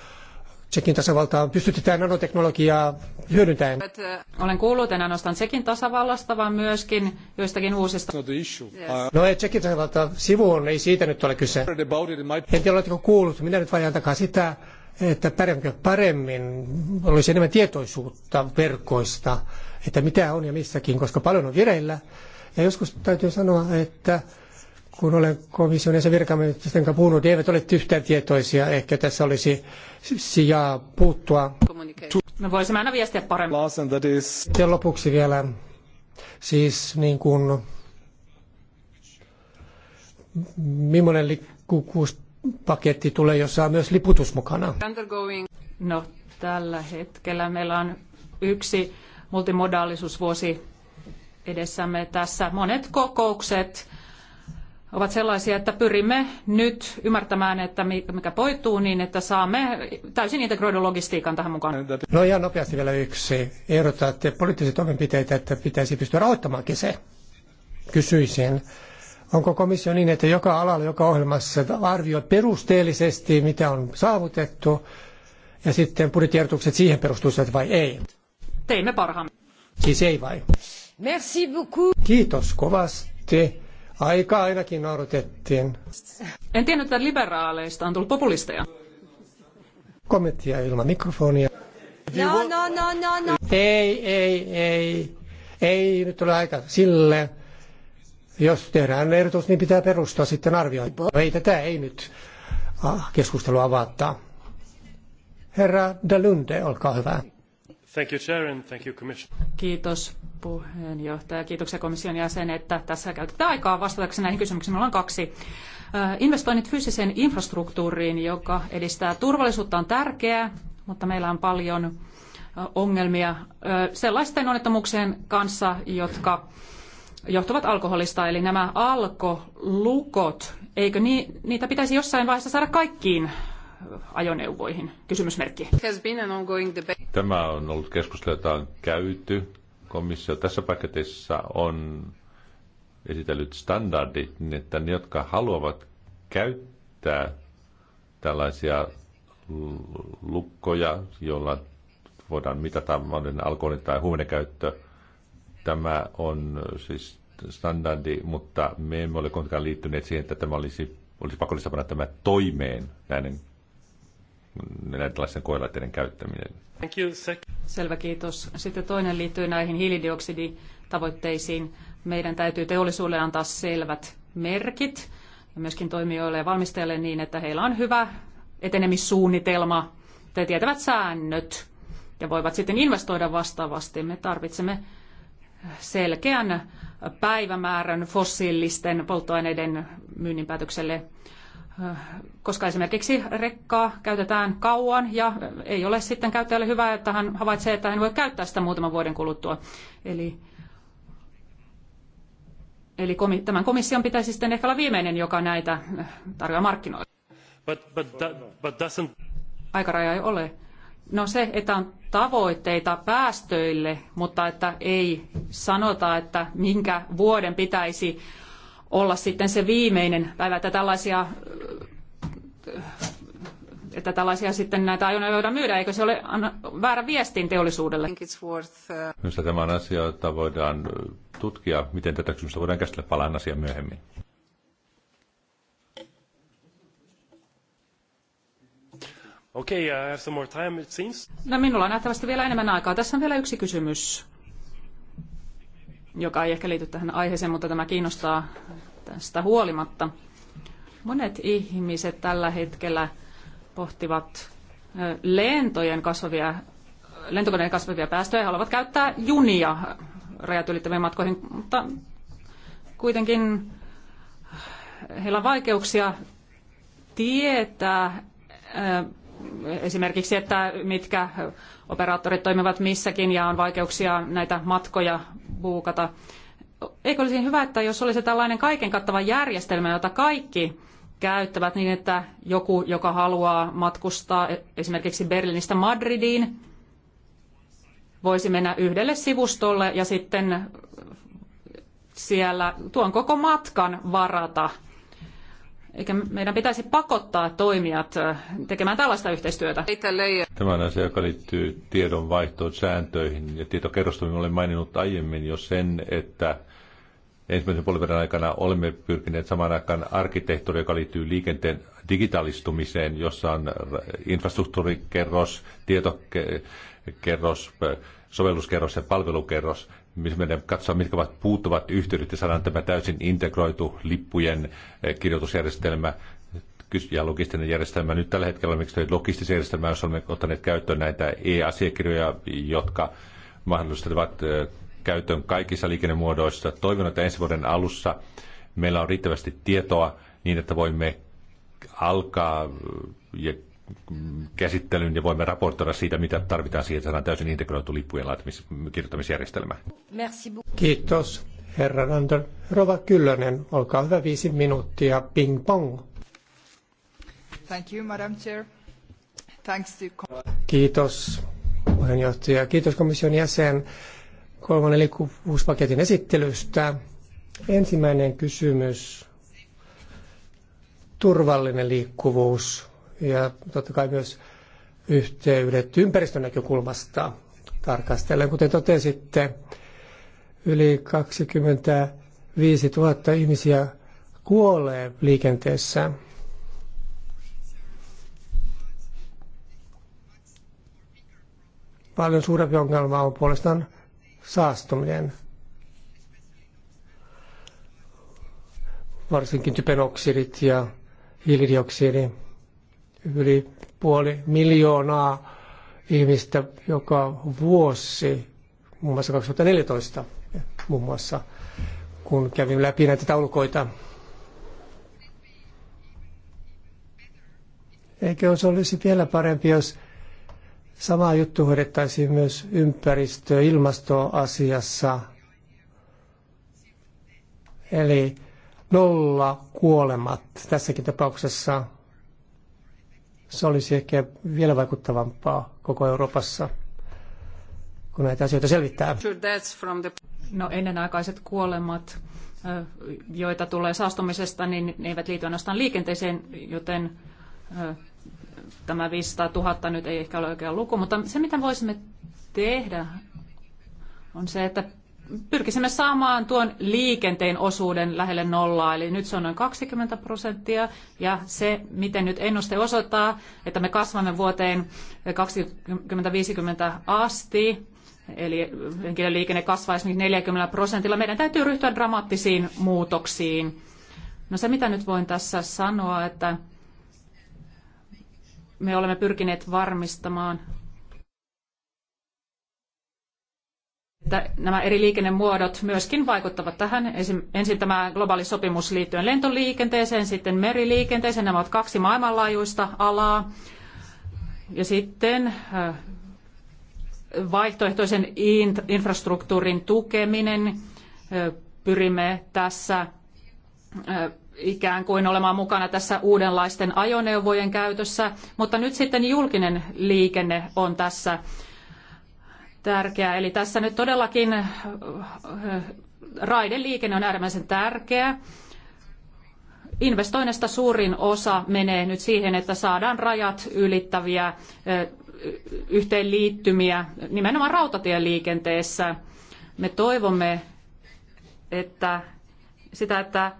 Tsekin tasavaltaan pystytetään nanoteknologiaa hyödyntäen. Äh, olen kuullut en ainoastaan Tsekin tasavallasta, vaan myöskin joistakin uusista. Uh, no ei Tsekin tasavalta sivuun, ei siitä nyt ole kyse. En tiedä, oletteko kuullut, minä nyt vajan takaa sitä, että pärjäänkö paremmin, olisi enemmän tietoisuutta verkoista, että mitä on ja missäkin, koska paljon on vireillä. Ja joskus täytyy sanoa, että kun olen komission ja kanssa puhunut, eivät ole yhtään tietoisia. Ehkä tässä olisi sijaa puuttua. Me voisimme aina viestiä paremmin. Sitten lopuksi vielä, siis niin kuin, millainen liikkuvuuspaketti tulee, jossa on myös liputus mukana? No, tällä hetkellä meillä on yksi multimodaalisuusvuosi edessämme tässä. Monet kokoukset ovat sellaisia, että pyrimme nyt ymmärtämään, että mikä poittuu, niin, että saamme täysin integroidun logistiikan tähän mukaan. No ihan nopeasti vielä yksi. Ehdotatte poliittisia toimenpiteitä, että pitäisi pystyä rahoittamaankin se. Kysyisin. Onko komissio niin, että joka alalla, joka ohjelmassa arvioi perusteellisesti, mitä on saavutettu, ja sitten budjettiertukset siihen perustuisivat vai ei? Teimme parhaamme. Siis ei vai? Merci beaucoup. Kiitos kovasti. Aika ainakin noudatettiin. En tiennyt, että liberaaleista on tullut populisteja. Kommenttia ilman mikrofonia. No, no, no, no, no. Ei, ei, ei. Ei nyt ole aika sille. Jos tehdään ehdotus, niin pitää perustaa sitten arviointiin. No, ei tätä ei nyt ah, keskustelua avata. Herra Dalunde, olkaa hyvä. Thank you, Chair, and thank you, Kiitos puheenjohtaja. Kiitoksia komission jäsen, että tässä käytetään aikaa vastatakseni näihin kysymyksiin. Minulla on kaksi. Investoinnit fyysiseen infrastruktuuriin, joka edistää turvallisuutta, on tärkeää, mutta meillä on paljon ongelmia sellaisten onnettomuuksien kanssa, jotka johtuvat alkoholista, eli nämä alkolukot, eikö niitä pitäisi jossain vaiheessa saada kaikkiin ajoneuvoihin? Kysymysmerkki. Tämä on ollut keskustelu, jota on käyty. Komissio tässä paketissa on esitellyt standardit, niin että ne, jotka haluavat käyttää tällaisia lukkoja, joilla voidaan mitata alkoholin tai huumeiden käyttö. Tämä on siis standardi, mutta me emme ole kuitenkaan liittyneet siihen, että tämä olisi, olisi pakollista panna tämä toimeen näiden erilaisten koelaitteiden käyttäminen. Thank you. Selvä, kiitos. Sitten toinen liittyy näihin hiilidioksiditavoitteisiin. Meidän täytyy teollisuudelle antaa selvät merkit ja myöskin toimijoille ja valmistajille niin, että heillä on hyvä etenemissuunnitelma, te tietävät säännöt ja voivat sitten investoida vastaavasti. Me tarvitsemme selkeän päivämäärän fossiilisten polttoaineiden myynnin päätökselle koska esimerkiksi rekkaa käytetään kauan ja ei ole sitten käyttäjälle hyvä, että hän havaitsee, että hän voi käyttää sitä muutaman vuoden kuluttua. Eli, eli tämän komission pitäisi sitten ehkä olla viimeinen, joka näitä tarjoaa markkinoille. But, but, but doesn't... Aikaraja ei ole. No se, että on tavoitteita päästöille, mutta että ei sanota, että minkä vuoden pitäisi olla sitten se viimeinen päivä, että tällaisia, että tällaisia sitten näitä ajoneuvoja myydä, eikö se ole väärä viestin teollisuudelle? Uh, Minusta tämä on asia, jota voidaan tutkia, miten tätä kysymystä voidaan käsitellä, palaan asiaan myöhemmin. Okay, I have some more time, it seems. No minulla on nähtävästi vielä enemmän aikaa. Tässä on vielä yksi kysymys, joka ei ehkä liity tähän aiheeseen, mutta tämä kiinnostaa tästä huolimatta. Monet ihmiset tällä hetkellä pohtivat lentojen kasvavia, lentokoneiden kasvavia päästöjä ja haluavat käyttää junia rajat ylittäviin matkoihin, mutta kuitenkin heillä on vaikeuksia tietää esimerkiksi, että mitkä operaattorit toimivat missäkin ja on vaikeuksia näitä matkoja buukata eikö olisi hyvä, että jos olisi tällainen kaiken kattava järjestelmä, jota kaikki käyttävät niin, että joku, joka haluaa matkustaa e- esimerkiksi Berliinistä Madridiin, voisi mennä yhdelle sivustolle ja sitten siellä tuon koko matkan varata – eikä meidän pitäisi pakottaa toimijat tekemään tällaista yhteistyötä. Tämä on asia, joka liittyy tiedonvaihtoon, sääntöihin ja tietokerrostumiin. Olen maininnut aiemmin jo sen, että ensimmäisen puolivuoden aikana olemme pyrkineet samaan aikaan arkkitehtuuri, joka liittyy liikenteen digitalistumiseen, jossa on infrastruktuurikerros, tietokerros, sovelluskerros ja palvelukerros meidän katsoa, mitkä ovat puuttuvat yhteydet ja saadaan tämä täysin integroitu lippujen eh, kirjoitusjärjestelmä ja logistinen järjestelmä. Nyt tällä hetkellä miksi logistinen järjestelmä, jos olemme ottaneet käyttöön näitä e-asiakirjoja, jotka mahdollistavat eh, käytön kaikissa liikennemuodoissa. Toivon, että ensi vuoden alussa meillä on riittävästi tietoa niin, että voimme alkaa eh, ja käsittelyyn ja voimme raportoida siitä, mitä tarvitaan siihen, että saadaan täysin integroitu lippujen kirjoittamisjärjestelmä. Kiitos, herra Rander, Rova Kyllönen, olkaa hyvä viisi minuuttia. Ping pong. Thank you, Madam Chair. Thanks to... Kiitos, puheenjohtaja. Kiitos komission jäsen kolmannen liikkuvuuspaketin esittelystä. Ensimmäinen kysymys. Turvallinen liikkuvuus ja totta kai myös yhteydet ympäristön näkökulmasta tarkastellen. Kuten totesitte, yli 25 000 ihmisiä kuolee liikenteessä. Paljon suurempi ongelma on puolestaan saastuminen. Varsinkin typenoksidit ja hiilidioksidi yli puoli miljoonaa ihmistä joka vuosi, muun muassa 2014 muun muassa, kun kävin läpi näitä taulukoita. Eikö se olisi vielä parempi, jos sama juttu hoidettaisiin myös ympäristö- ja ilmastoasiassa? Eli nolla kuolemat tässäkin tapauksessa se olisi ehkä vielä vaikuttavampaa koko Euroopassa, kun näitä asioita selvittää. No ennenaikaiset kuolemat, joita tulee saastumisesta, niin ne eivät liity ainoastaan liikenteeseen, joten tämä 500 000 nyt ei ehkä ole oikea luku, mutta se mitä voisimme tehdä on se, että pyrkisimme saamaan tuon liikenteen osuuden lähelle nollaa, eli nyt se on noin 20 prosenttia, ja se, miten nyt ennuste osoittaa, että me kasvamme vuoteen 2050 asti, eli henkilöliikenne kasvaa esimerkiksi 40 prosentilla, meidän täytyy ryhtyä dramaattisiin muutoksiin. No se, mitä nyt voin tässä sanoa, että me olemme pyrkineet varmistamaan että nämä eri liikennemuodot myöskin vaikuttavat tähän. Ensin tämä globaali sopimus liittyen lentoliikenteeseen, sitten meriliikenteeseen. Nämä ovat kaksi maailmanlaajuista alaa. Ja sitten äh, vaihtoehtoisen infrastruktuurin tukeminen. Äh, pyrimme tässä äh, ikään kuin olemaan mukana tässä uudenlaisten ajoneuvojen käytössä, mutta nyt sitten julkinen liikenne on tässä tärkeää. Eli tässä nyt todellakin äh, raideliikenne on äärimmäisen tärkeä. Investoinnista suurin osa menee nyt siihen, että saadaan rajat ylittäviä äh, yhteenliittymiä nimenomaan rautatieliikenteessä. Me toivomme, että sitä, että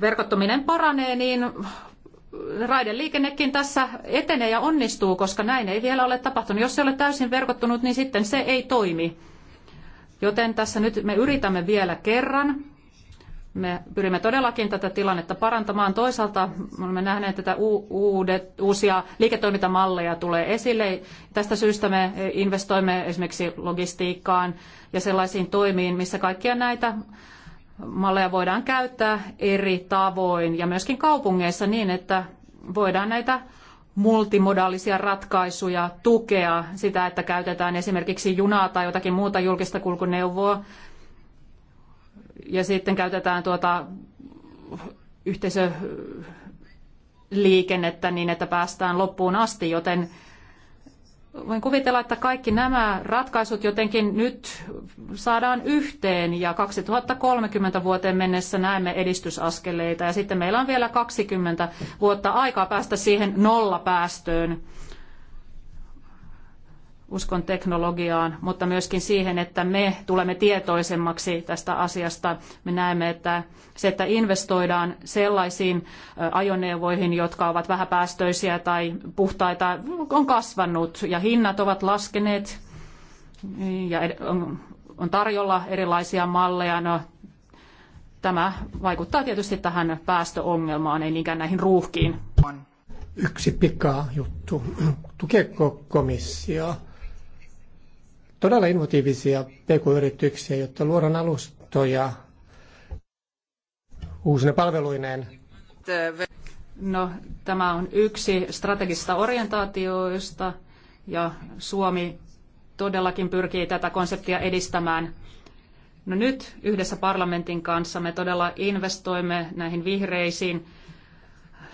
verkottuminen paranee, niin raideliikennekin tässä etenee ja onnistuu, koska näin ei vielä ole tapahtunut. Jos se ei ole täysin verkottunut, niin sitten se ei toimi. Joten tässä nyt me yritämme vielä kerran. Me pyrimme todellakin tätä tilannetta parantamaan. Toisaalta olemme nähneet, että uudet, uusia liiketoimintamalleja tulee esille. Tästä syystä me investoimme esimerkiksi logistiikkaan ja sellaisiin toimiin, missä kaikkia näitä malleja voidaan käyttää eri tavoin ja myöskin kaupungeissa niin, että voidaan näitä multimodaalisia ratkaisuja tukea, sitä, että käytetään esimerkiksi junaa tai jotakin muuta julkista kulkuneuvoa, ja sitten käytetään tuota yhteisöliikennettä niin, että päästään loppuun asti, joten voin kuvitella, että kaikki nämä ratkaisut jotenkin nyt saadaan yhteen ja 2030 vuoteen mennessä näemme edistysaskeleita ja sitten meillä on vielä 20 vuotta aikaa päästä siihen nollapäästöön. päästöön uskon teknologiaan, mutta myöskin siihen, että me tulemme tietoisemmaksi tästä asiasta. Me näemme, että se, että investoidaan sellaisiin ajoneuvoihin, jotka ovat vähäpäästöisiä tai puhtaita, on kasvanut ja hinnat ovat laskeneet ja on tarjolla erilaisia malleja. No, tämä vaikuttaa tietysti tähän päästöongelmaan, ei niinkään näihin ruuhkiin yksi pika juttu. Tukeeko komissio todella innovatiivisia pk-yrityksiä, jotta luodaan alustoja uusine palveluineen. No, tämä on yksi strategisista orientaatioista ja Suomi todellakin pyrkii tätä konseptia edistämään. No nyt yhdessä parlamentin kanssa me todella investoimme näihin vihreisiin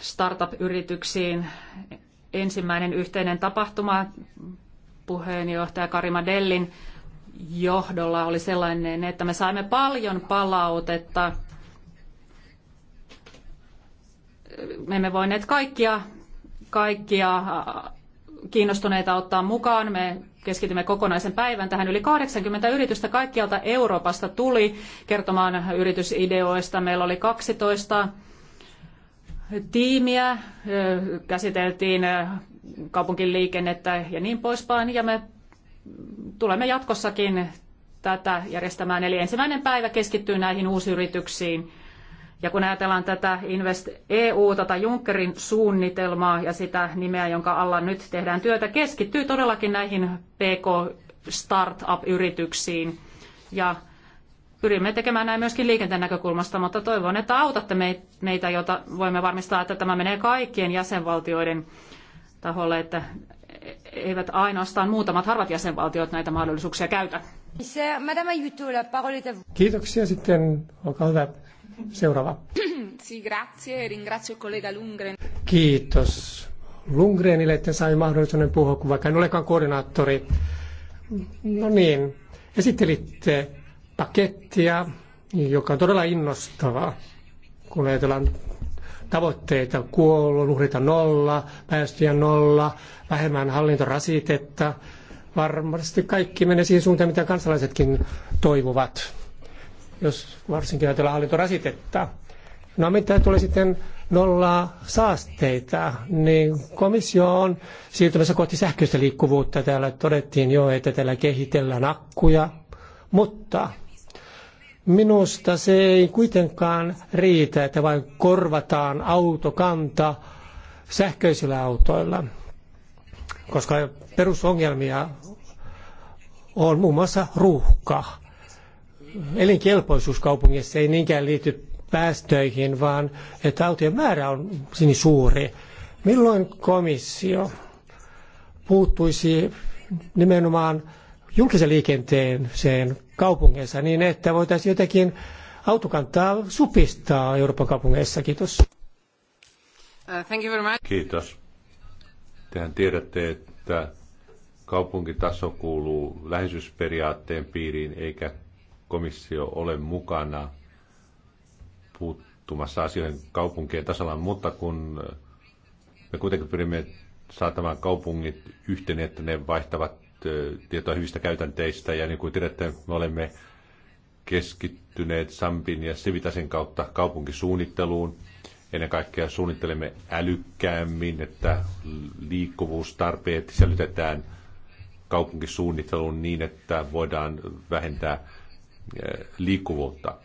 startup-yrityksiin. Ensimmäinen yhteinen tapahtuma puheenjohtaja Karima Dellin johdolla oli sellainen, että me saimme paljon palautetta. Me emme voineet kaikkia, kaikkia kiinnostuneita ottaa mukaan. Me keskitymme kokonaisen päivän tähän. Yli 80 yritystä kaikkialta Euroopasta tuli kertomaan yritysideoista. Meillä oli 12 tiimiä, käsiteltiin kaupunkiliikennettä ja niin poispäin. Ja me tulemme jatkossakin tätä järjestämään. Eli ensimmäinen päivä keskittyy näihin uusyrityksiin. Ja kun ajatellaan tätä Invest EU, tätä Junckerin suunnitelmaa ja sitä nimeä, jonka alla nyt tehdään työtä, keskittyy todellakin näihin PK startup-yrityksiin. Ja pyrimme tekemään näin myöskin liikenteen näkökulmasta, mutta toivon, että autatte meitä, jota voimme varmistaa, että tämä menee kaikkien jäsenvaltioiden taholle, että eivät ainoastaan muutamat harvat jäsenvaltiot näitä mahdollisuuksia käytä. Kiitoksia sitten, olkaa hyvä. Seuraava. grazie, ringrazio collega Lundgren. Kiitos Lundgrenille, että sai mahdollisuuden puhua, kun vaikka en olekaan koordinaattori. No niin, esittelitte pakettia, joka on todella innostavaa, kun ajatellaan tavoitteita, kuolonuhrita nolla, päästöjä nolla, vähemmän hallintorasitetta. Varmasti kaikki menee siihen suuntaan, mitä kansalaisetkin toivovat, jos varsinkin ajatellaan hallintorasitetta. No mitä tulee sitten nolla saasteita, niin komissio on siirtymässä kohti sähköistä liikkuvuutta. Täällä todettiin jo, että täällä kehitellään akkuja, mutta Minusta se ei kuitenkaan riitä, että vain korvataan autokanta sähköisillä autoilla, koska perusongelmia on muun muassa ruuhka. Elinkelpoisuus kaupungissa ei niinkään liity päästöihin, vaan että autojen määrä on niin suuri. Milloin komissio puuttuisi nimenomaan julkisen liikenteen kaupungeissa niin, että voitaisiin jotenkin autokantaa supistaa Euroopan kaupungeissa. Kiitos. Uh, thank you very much. Kiitos. Tehän tiedätte, että kaupunkitaso kuuluu läheisyysperiaatteen piiriin, eikä komissio ole mukana puuttumassa asioihin kaupunkien tasolla, mutta kun me kuitenkin pyrimme saatamaan kaupungit yhteen, että ne vaihtavat tietoa hyvistä käytänteistä ja niin kuin tiedätte, me olemme keskittyneet Sampin ja Sivitasen kautta kaupunkisuunnitteluun. Ennen kaikkea suunnittelemme älykkäämmin, että liikkuvuustarpeet sisällytetään kaupunkisuunnitteluun niin, että voidaan vähentää liikkuvuutta.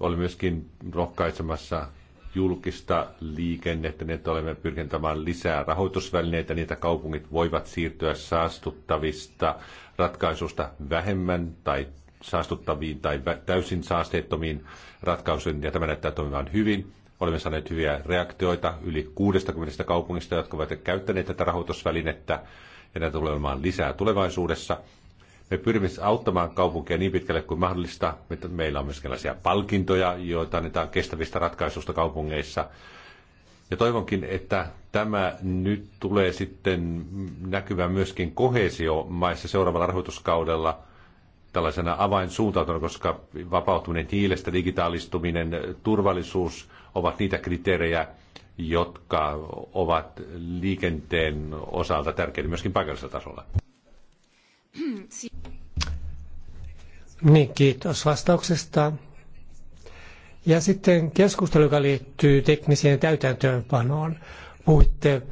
Olemme myöskin rohkaisemassa julkista liikennettä, niin että olemme pyrkintämään lisää rahoitusvälineitä, niitä kaupungit voivat siirtyä saastuttavista ratkaisusta vähemmän tai saastuttaviin tai täysin saasteettomiin ratkaisuihin, ja tämä näyttää toimivan hyvin. Olemme saaneet hyviä reaktioita yli 60 kaupungista, jotka ovat käyttäneet tätä rahoitusvälinettä, ja näitä tulee olemaan lisää tulevaisuudessa. Me pyrimme siis auttamaan kaupunkia niin pitkälle kuin mahdollista. Meillä on myös sellaisia palkintoja, joita annetaan kestävistä ratkaisuista kaupungeissa. Ja toivonkin, että tämä nyt tulee sitten näkyvään myöskin kohesiomaissa seuraavalla rahoituskaudella tällaisena avainsuuntautuna, koska vapautuminen hiilestä, digitaalistuminen, turvallisuus ovat niitä kriteerejä, jotka ovat liikenteen osalta tärkeitä myöskin paikallisella tasolla. Niin, kiitos vastauksesta. Ja sitten keskustelu, joka liittyy tekniseen täytäntöönpanoon. Puhuitte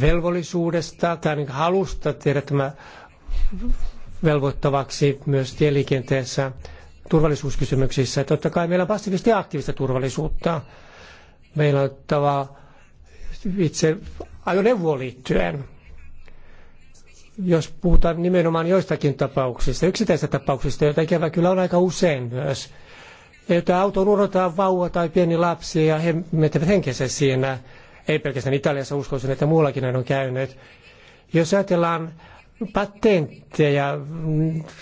velvollisuudesta tai niin halusta tehdä tämä velvoittavaksi myös tieliikenteessä turvallisuuskysymyksissä. Totta kai meillä on passiivisesti aktiivista turvallisuutta. Meillä on ottava itse ajoneuvoon liittyen jos puhutaan nimenomaan joistakin tapauksista, yksittäisistä tapauksista, joita ikävä kyllä on aika usein myös, että autoon unohdetaan vauva tai pieni lapsi ja he menettävät henkensä siinä, ei pelkästään Italiassa uskoisin, että muuallakin näin on käynyt. Jos ajatellaan patentteja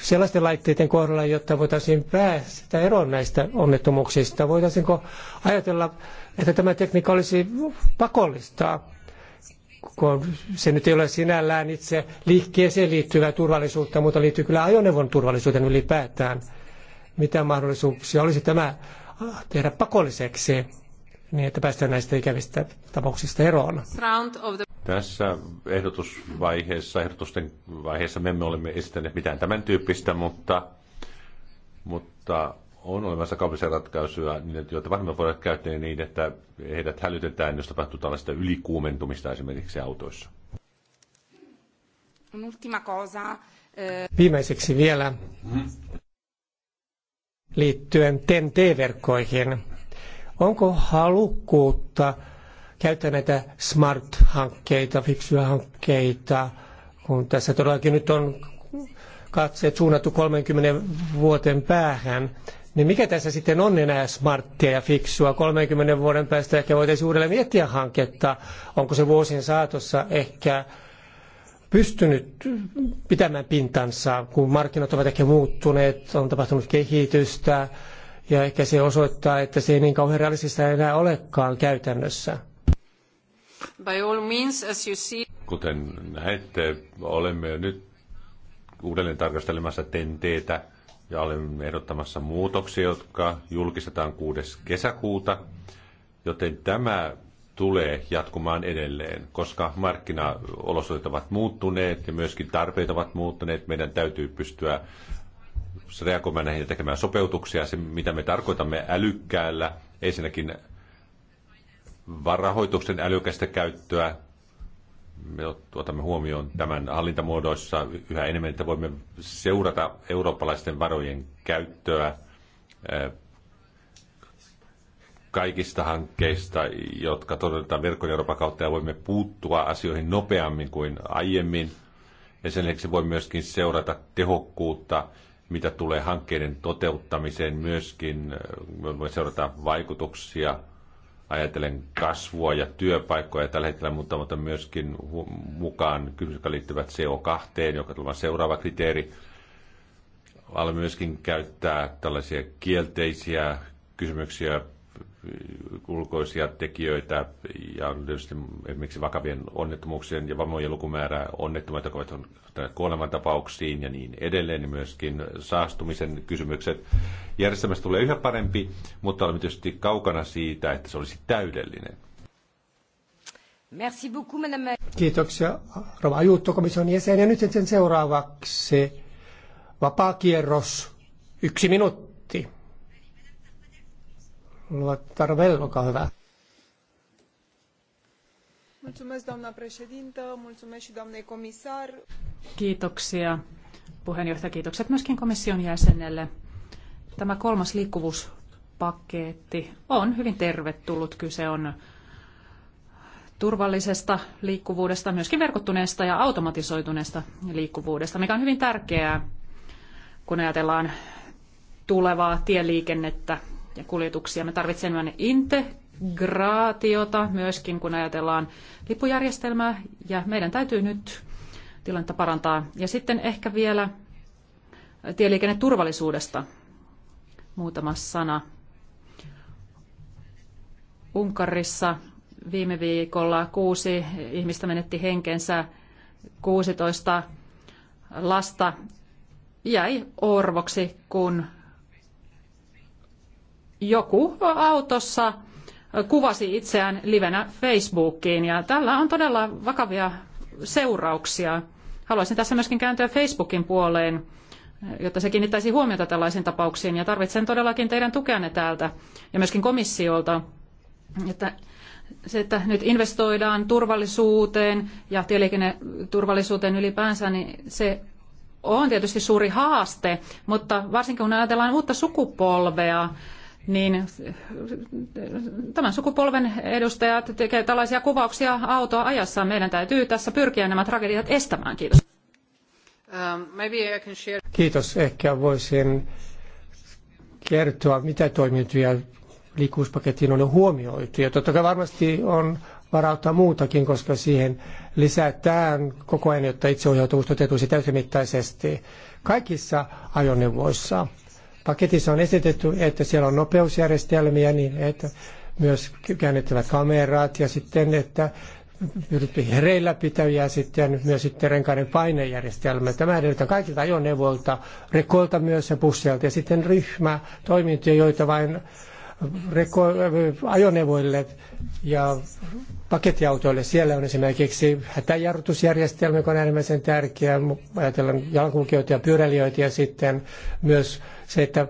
sellaisten laitteiden kohdalla, jotta voitaisiin päästä eroon näistä onnettomuuksista? Voitaisiinko ajatella, että tämä tekniikka olisi pakollista? kun se nyt ei ole sinällään itse liikkeeseen liittyvää turvallisuutta, mutta liittyy kyllä ajoneuvon turvallisuuteen ylipäätään. Mitä mahdollisuuksia olisi tämä tehdä pakolliseksi, niin että päästään näistä ikävistä tapauksista eroon? Tässä ehdotusvaiheessa, ehdotusten vaiheessa me emme ole esittäneet mitään tämän tyyppistä, mutta, mutta on olemassa kaupallisia ratkaisuja, niin että joita varmaan voidaan käyttää niin, että heidät hälytetään, jos tapahtuu tällaista ylikuumentumista esimerkiksi autoissa. Eh, Viimeiseksi vielä liittyen TEN-T-verkkoihin. Onko halukkuutta käyttää näitä smart-hankkeita, fiksuja hankkeita, kun tässä todellakin nyt on katseet suunnattu 30 vuoden päähän niin mikä tässä sitten on enää smarttia ja fiksua? 30 vuoden päästä ehkä voitaisiin uudelleen miettiä hanketta, onko se vuosien saatossa ehkä pystynyt pitämään pintansa, kun markkinat ovat ehkä muuttuneet, on tapahtunut kehitystä, ja ehkä se osoittaa, että se ei niin kauhean realistista enää olekaan käytännössä. By all means, as you see... Kuten näette, olemme nyt uudelleen tarkastelemassa tenteitä ja olemme ehdottamassa muutoksia, jotka julkistetaan 6. kesäkuuta, joten tämä tulee jatkumaan edelleen, koska markkinaolosuhteet ovat muuttuneet ja myöskin tarpeet ovat muuttuneet. Meidän täytyy pystyä reagoimaan näihin ja tekemään sopeutuksia. Se, mitä me tarkoitamme älykkäällä, ensinnäkin varahoituksen älykästä käyttöä, me otamme huomioon tämän hallintamuodoissa yhä enemmän, että voimme seurata eurooppalaisten varojen käyttöä eh, kaikista hankkeista, jotka todetaan verkon Euroopan kautta ja voimme puuttua asioihin nopeammin kuin aiemmin. Ja sen lisäksi voi myöskin seurata tehokkuutta, mitä tulee hankkeiden toteuttamiseen myöskin. Voi eh, voimme seurata vaikutuksia ajatellen kasvua ja työpaikkoja tällä hetkellä, mutta, mutta myöskin mukaan kysymys, jotka liittyvät CO2, joka tulee seuraava kriteeri. Alamme myöskin käyttää tällaisia kielteisiä kysymyksiä ulkoisia tekijöitä ja tietysti esimerkiksi vakavien onnettomuuksien ja vammojen lukumäärä onnettomuutta jotka ovat kuolemantapauksiin ja niin edelleen, niin myöskin saastumisen kysymykset. Järjestelmästä tulee yhä parempi, mutta olemme tietysti kaukana siitä, että se olisi täydellinen. Merci beaucoup, madame. Kiitoksia, Rova Juuttokomission jäsen. Ja nyt sitten seuraavaksi vapaa kierros, yksi minuutti. Rova Tarvel, olkaa hyvä. Mulțumesc, doamna președintă, mulțumesc și doamnei comisar. Kiitoksia puheenjohtaja, kiitokset myöskin komission jäsenelle. Tämä kolmas liikkuvuuspaketti on hyvin tervetullut. Kyse on turvallisesta liikkuvuudesta, myöskin verkottuneesta ja automatisoituneesta liikkuvuudesta, mikä on hyvin tärkeää, kun ajatellaan tulevaa tieliikennettä ja kuljetuksia. Me tarvitsemme integraatiota myöskin, kun ajatellaan lippujärjestelmää, ja meidän täytyy nyt tilannetta parantaa. Ja sitten ehkä vielä tieliikenneturvallisuudesta muutama sana. Unkarissa viime viikolla kuusi ihmistä menetti henkensä, 16 lasta jäi orvoksi, kun joku autossa kuvasi itseään livenä Facebookiin ja tällä on todella vakavia seurauksia. Haluaisin tässä myöskin kääntyä Facebookin puoleen, jotta se kiinnittäisi huomiota tällaisiin tapauksiin ja tarvitsen todellakin teidän tukeanne täältä ja myöskin komissiolta, että se, että nyt investoidaan turvallisuuteen ja tieliikenneturvallisuuteen ylipäänsä, niin se on tietysti suuri haaste, mutta varsinkin kun ajatellaan uutta sukupolvea, niin tämän sukupolven edustajat tekevät tällaisia kuvauksia autoa ajassa. Meidän täytyy tässä pyrkiä nämä tragediat estämään. Kiitos. Um, Kiitos. Ehkä voisin kertoa, mitä toimintoja liikkuvuuspakettiin on huomioitu. Ja totta kai varmasti on varauttaa muutakin, koska siihen lisätään koko ajan, jotta itseohjautuvuus toteutuisi täysimittaisesti kaikissa ajoneuvoissa – Paketissa on esitetty, että siellä on nopeusjärjestelmiä, niin että myös käännettävät kamerat ja sitten, että hereillä pitäviä ja sitten myös sitten renkaiden painejärjestelmä. Tämä edellyttää kaikilta ajoneuvoilta, rekoilta myös ja busseilta ja sitten ryhmä toimintoja, joita vain reko- ajoneuvoille ja pakettiautoille. Siellä on esimerkiksi hätäjarrutusjärjestelmä, joka on äärimmäisen tärkeä. Ajatellaan jalankulkijoita ja pyöräilijöitä ja sitten myös se, että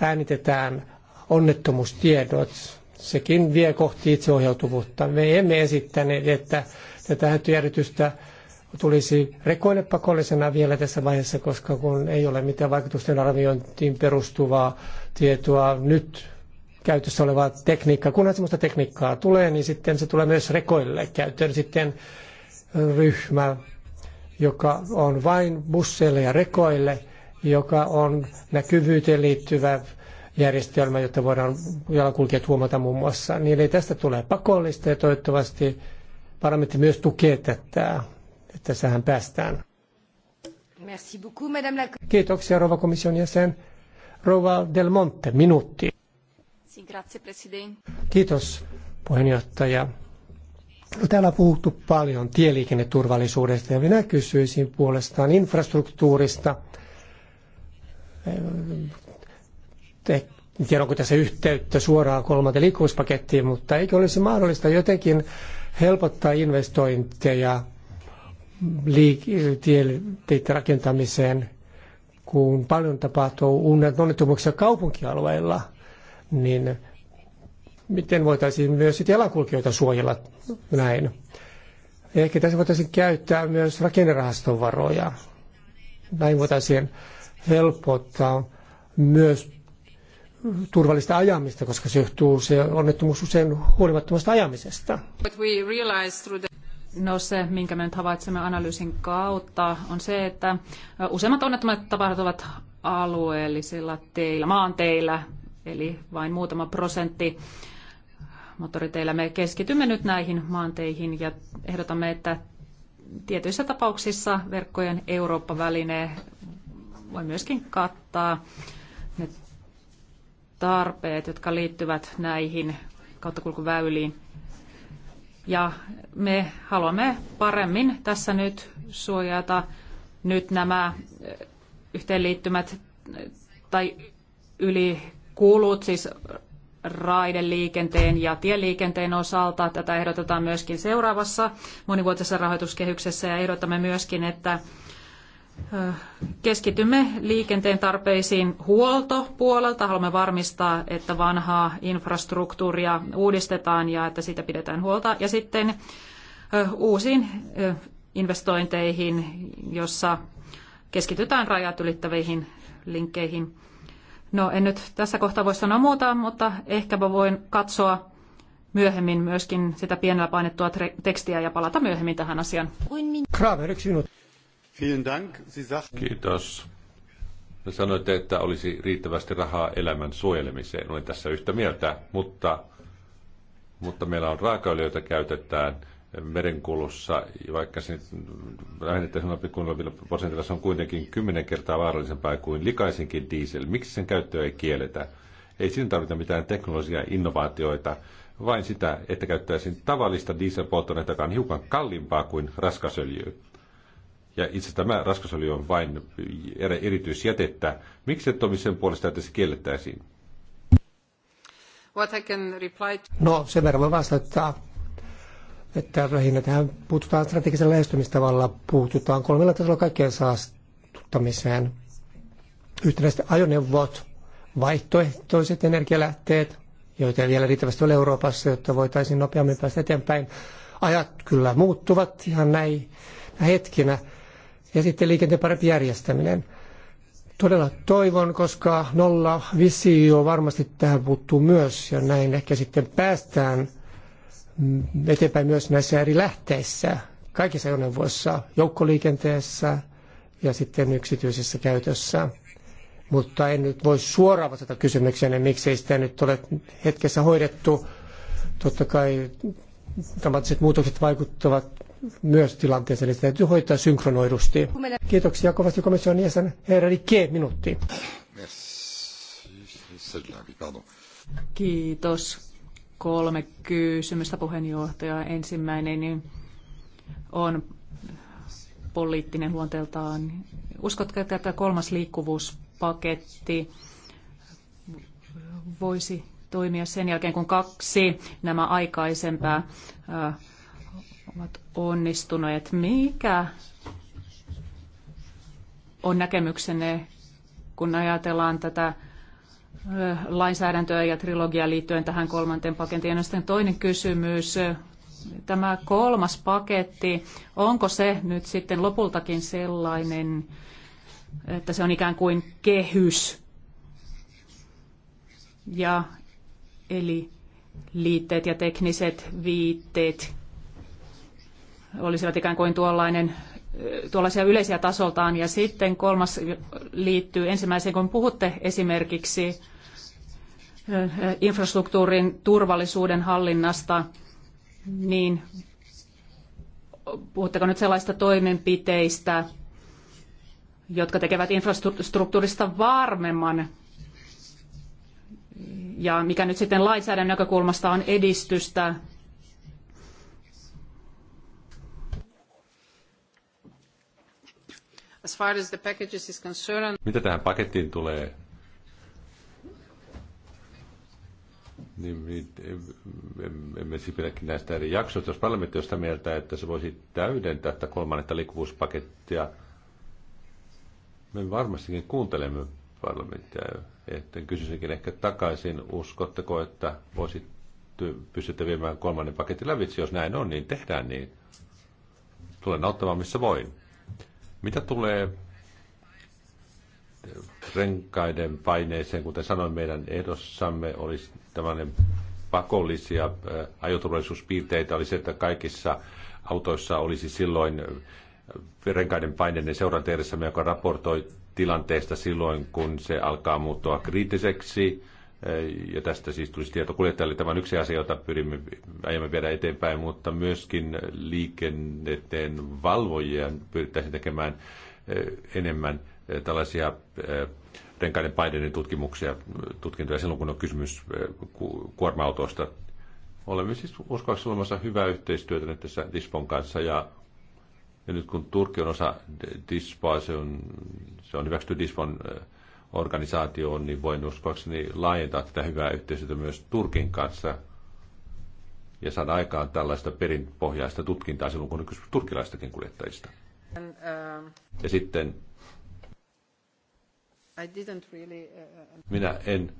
äänitetään onnettomuustiedot, sekin vie kohti itseohjautuvuutta. Me emme esittäneet, että tätä hätyjärjestystä tulisi pakollisena vielä tässä vaiheessa, koska kun ei ole mitään vaikutusten arviointiin perustuvaa tietoa nyt käytössä olevaa tekniikkaa. Kunhan sellaista tekniikkaa tulee, niin sitten se tulee myös rekoille käyttöön. Sitten ryhmä, joka on vain busseille ja rekoille – joka on näkyvyyteen liittyvä järjestelmä, jotta voidaan jalankulkijat huomata muun muassa. Niin eli tästä tulee pakollista ja toivottavasti parlamentti myös tukee tätä, että tähän päästään. Merci beaucoup, madame la... Kiitoksia rouva komission jäsen. Rouva Del Monte, minuutti. Si, grazie, president. Kiitos puheenjohtaja. Täällä on puhuttu paljon tieliikenneturvallisuudesta ja minä kysyisin puolestaan infrastruktuurista – te, en tiedä onko tässä yhteyttä suoraan kolmanteen liikkuvuuspakettiin, mutta eikö olisi mahdollista jotenkin helpottaa investointeja liik- rakentamiseen, kun paljon tapahtuu onnettomuuksia kaupunkialueilla, niin miten voitaisiin myös jalankulkijoita suojella näin. Ehkä tässä voitaisiin käyttää myös rakennerahaston varoja. Näin voitaisiin helpottaa myös turvallista ajamista, koska se johtuu se onnettomuus usein huolimattomasta ajamisesta. No se, minkä me nyt havaitsemme analyysin kautta, on se, että useimmat onnettomat tapahtuvat alueellisilla teillä, maanteillä, eli vain muutama prosentti moottoriteillä. Me keskitymme nyt näihin maanteihin ja ehdotamme, että tietyissä tapauksissa verkkojen Eurooppa-väline voi myöskin kattaa ne tarpeet, jotka liittyvät näihin kauttakulkuväyliin. Ja me haluamme paremmin tässä nyt suojata nyt nämä yhteenliittymät tai ylikulut, siis raideliikenteen ja tieliikenteen osalta. Tätä ehdotetaan myöskin seuraavassa monivuotisessa rahoituskehyksessä ja ehdotamme myöskin, että Keskitymme liikenteen tarpeisiin huoltopuolelta. Haluamme varmistaa, että vanhaa infrastruktuuria uudistetaan ja että siitä pidetään huolta. Ja sitten uusiin investointeihin, jossa keskitytään rajat ylittäviin linkkeihin. No en nyt tässä kohtaa voi sanoa muuta, mutta ehkä voin katsoa myöhemmin myöskin sitä pienellä painettua tekstiä ja palata myöhemmin tähän asiaan. Kraver, yksi minuutti. Kiitos. Sanoitte, että olisi riittävästi rahaa elämän suojelemiseen. Olen tässä yhtä mieltä, mutta, mutta meillä on raakaöljyä, käytetään merenkulussa, vaikka se vähennetään 0,0 prosentilla, se on kuitenkin kymmenen kertaa vaarallisempaa kuin likaisinkin diesel. Miksi sen käyttöä ei kielletä? Ei siinä tarvita mitään teknologiaa innovaatioita, vain sitä, että käyttäisiin tavallista dieselpolttoainetta, joka on hiukan kalliimpaa kuin raskasöljy ja itse tämä raskasöljy on vain erityisjätettä. Miksi et ole sen puolesta, että se kiellettäisiin? What I can reply to... No sen verran voi vastata, että lähinnä tähän puututaan strategisella lähestymistavalla, puututaan kolmella tasolla kaikkeen saastuttamiseen. Yhtenäiset ajoneuvot, vaihtoehtoiset energialähteet, joita ei vielä riittävästi ole Euroopassa, jotta voitaisiin nopeammin päästä eteenpäin. Ajat kyllä muuttuvat ihan näin hetkinä ja sitten liikenteen parempi järjestäminen. Todella toivon, koska nolla visio varmasti tähän puuttuu myös ja näin ehkä sitten päästään eteenpäin myös näissä eri lähteissä, kaikissa ajoneuvoissa, joukkoliikenteessä ja sitten yksityisessä käytössä. Mutta en nyt voi suoraan vastata kysymykseen, niin miksei sitä nyt ole hetkessä hoidettu. Totta kai dramaattiset muutokset vaikuttavat myös tilanteeseen, niin täytyy hoitaa synkronoidusti. Kiitoksia kovasti komission jäsen herra Rikke minuutti. Kiitos. Kolme kysymystä puheenjohtaja. Ensimmäinen on poliittinen luonteeltaan. Uskotko, että tämä kolmas liikkuvuuspaketti voisi toimia sen jälkeen, kun kaksi nämä aikaisempaa ovat onnistuneet. Mikä on näkemyksenne, kun ajatellaan tätä lainsäädäntöä ja trilogiaa liittyen tähän kolmanteen pakettiin. Ja sitten toinen kysymys, tämä kolmas paketti, onko se nyt sitten lopultakin sellainen, että se on ikään kuin kehys? Ja eli liitteet ja tekniset viitteet olisivat ikään kuin tuollainen, tuollaisia yleisiä tasoltaan. Ja sitten kolmas liittyy ensimmäiseen, kun puhutte esimerkiksi infrastruktuurin turvallisuuden hallinnasta, niin puhutteko nyt sellaista toimenpiteistä, jotka tekevät infrastruktuurista varmemman ja mikä nyt sitten lainsäädännön näkökulmasta on edistystä As far as the packages is concerned... Mitä tähän pakettiin tulee? Niin, emme siis pidäkin näistä eri jaksoista. Jos parlamentti on sitä mieltä, että se voisi täydentää tätä kolmannetta liikkuvuuspakettia, me varmastikin kuuntelemme parlamenttia. Että kysyisinkin ehkä takaisin, uskotteko, että voisitte pystytä viemään kolmannen paketin lävitse? Jos näin on, niin tehdään niin. Tulen auttamaan missä voin. Mitä tulee renkaiden paineeseen, kuten sanoin, meidän ehdossamme olisi tämmöinen pakollisia äh, ajoturvallisuuspiirteitä, oli se, että kaikissa autoissa olisi silloin äh, renkaiden paineiden seuranta joka raportoi tilanteesta silloin, kun se alkaa muuttua kriittiseksi ja tästä siis tulisi tieto kuljettajalle. Tämä on yksi asia, jota pyrimme aiemmin viedä eteenpäin, mutta myöskin liikenneteen valvojien pyrittäisiin tekemään eh, enemmän eh, tällaisia eh, renkaiden paineiden tutkimuksia, tutkintoja silloin, kun on kysymys kuorma-autoista. Olemme siis uskoakseni olemassa hyvää yhteistyötä nyt tässä Dispon kanssa ja, ja nyt kun Turkki on osa Dispoa, se on, se on hyväksytty Dispon äh, organisaatioon, niin voin uskoakseni laajentaa tätä hyvää yhteistyötä myös Turkin kanssa ja saada aikaan tällaista perinpohjaista tutkintaa silloin, kun on kysymys turkilaistakin kuljettajista. And, uh, ja sitten I didn't really, uh, uh, uh, minä en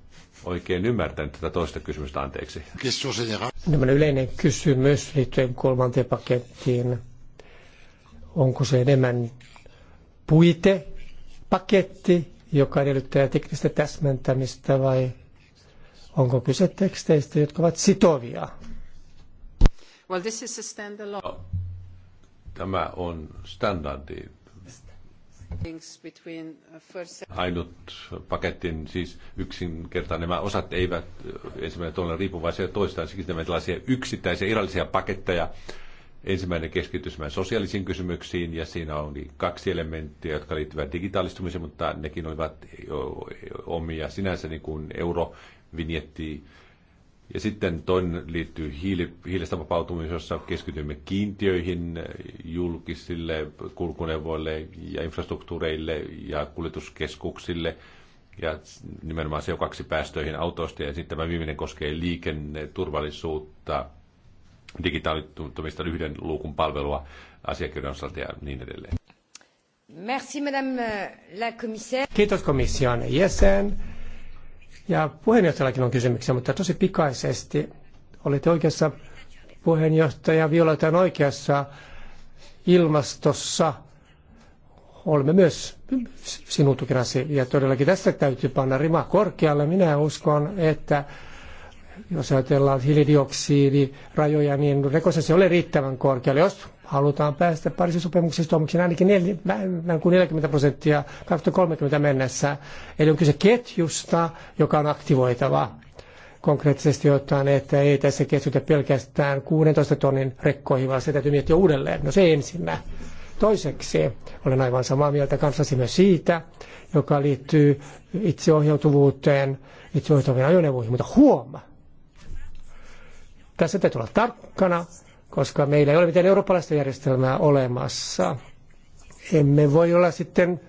oikein ymmärtänyt tätä toista kysymystä, anteeksi. Tällainen yleinen kysymys liittyen kolmanteen pakettiin. Onko se enemmän puitepaketti joka edellyttää teknistä täsmentämistä vai onko kyse teksteistä, jotka ovat sitovia? Well, this is a no, Tämä on standardi. Uh, Ainut paketin, siis yksinkertainen, nämä osat eivät ensimmäinen toinen riippuvaisia toistaan, siksi nämä tällaisia yksittäisiä irrallisia paketteja, Ensimmäinen keskittyy sosiaalisiin kysymyksiin ja siinä oli kaksi elementtiä, jotka liittyvät digitaalistumiseen, mutta nekin olivat omia sinänsä niin kuin eurovinjettiin. Ja sitten toinen liittyy hiili, hiilestä vapautumiseen, jossa keskitymme kiintiöihin julkisille kulkuneuvoille ja infrastruktuureille ja kuljetuskeskuksille ja nimenomaan CO2-päästöihin autoista. Ja sitten tämä viimeinen koskee liikenneturvallisuutta digitaalittumista yhden luukun palvelua asiakirjan osalta ja niin edelleen. Merci, madame euh, la commissaire. Kiitos komission jäsen. Ja puheenjohtajallakin on kysymyksiä, mutta tosi pikaisesti olette oikeassa puheenjohtaja Violeta on oikeassa ilmastossa. Olemme myös sinun tukenasi ja todellakin tästä täytyy panna rima korkealle. Minä uskon, että jos ajatellaan hiilidioksidirajoja, niin rekosessa ei ole riittävän korkealle. Jos halutaan päästä Pariisin sopimuksesta tuomuksiin ainakin nel, vähemmän kuin 40 prosenttia 2030 mennessä. Eli on kyse ketjusta, joka on aktivoitava konkreettisesti ottaen, että ei tässä keskitytä pelkästään 16 tonnin rekkoihin, vaan se täytyy miettiä uudelleen. No se ensinnä. Toiseksi olen aivan samaa mieltä kanssasi myös siitä, joka liittyy itseohjautuvuuteen, itseohjautuviin ajoneuvoihin, mutta huomaa. Tässä täytyy olla tarkkana, koska meillä ei ole mitään eurooppalaista järjestelmää olemassa. Emme voi olla sitten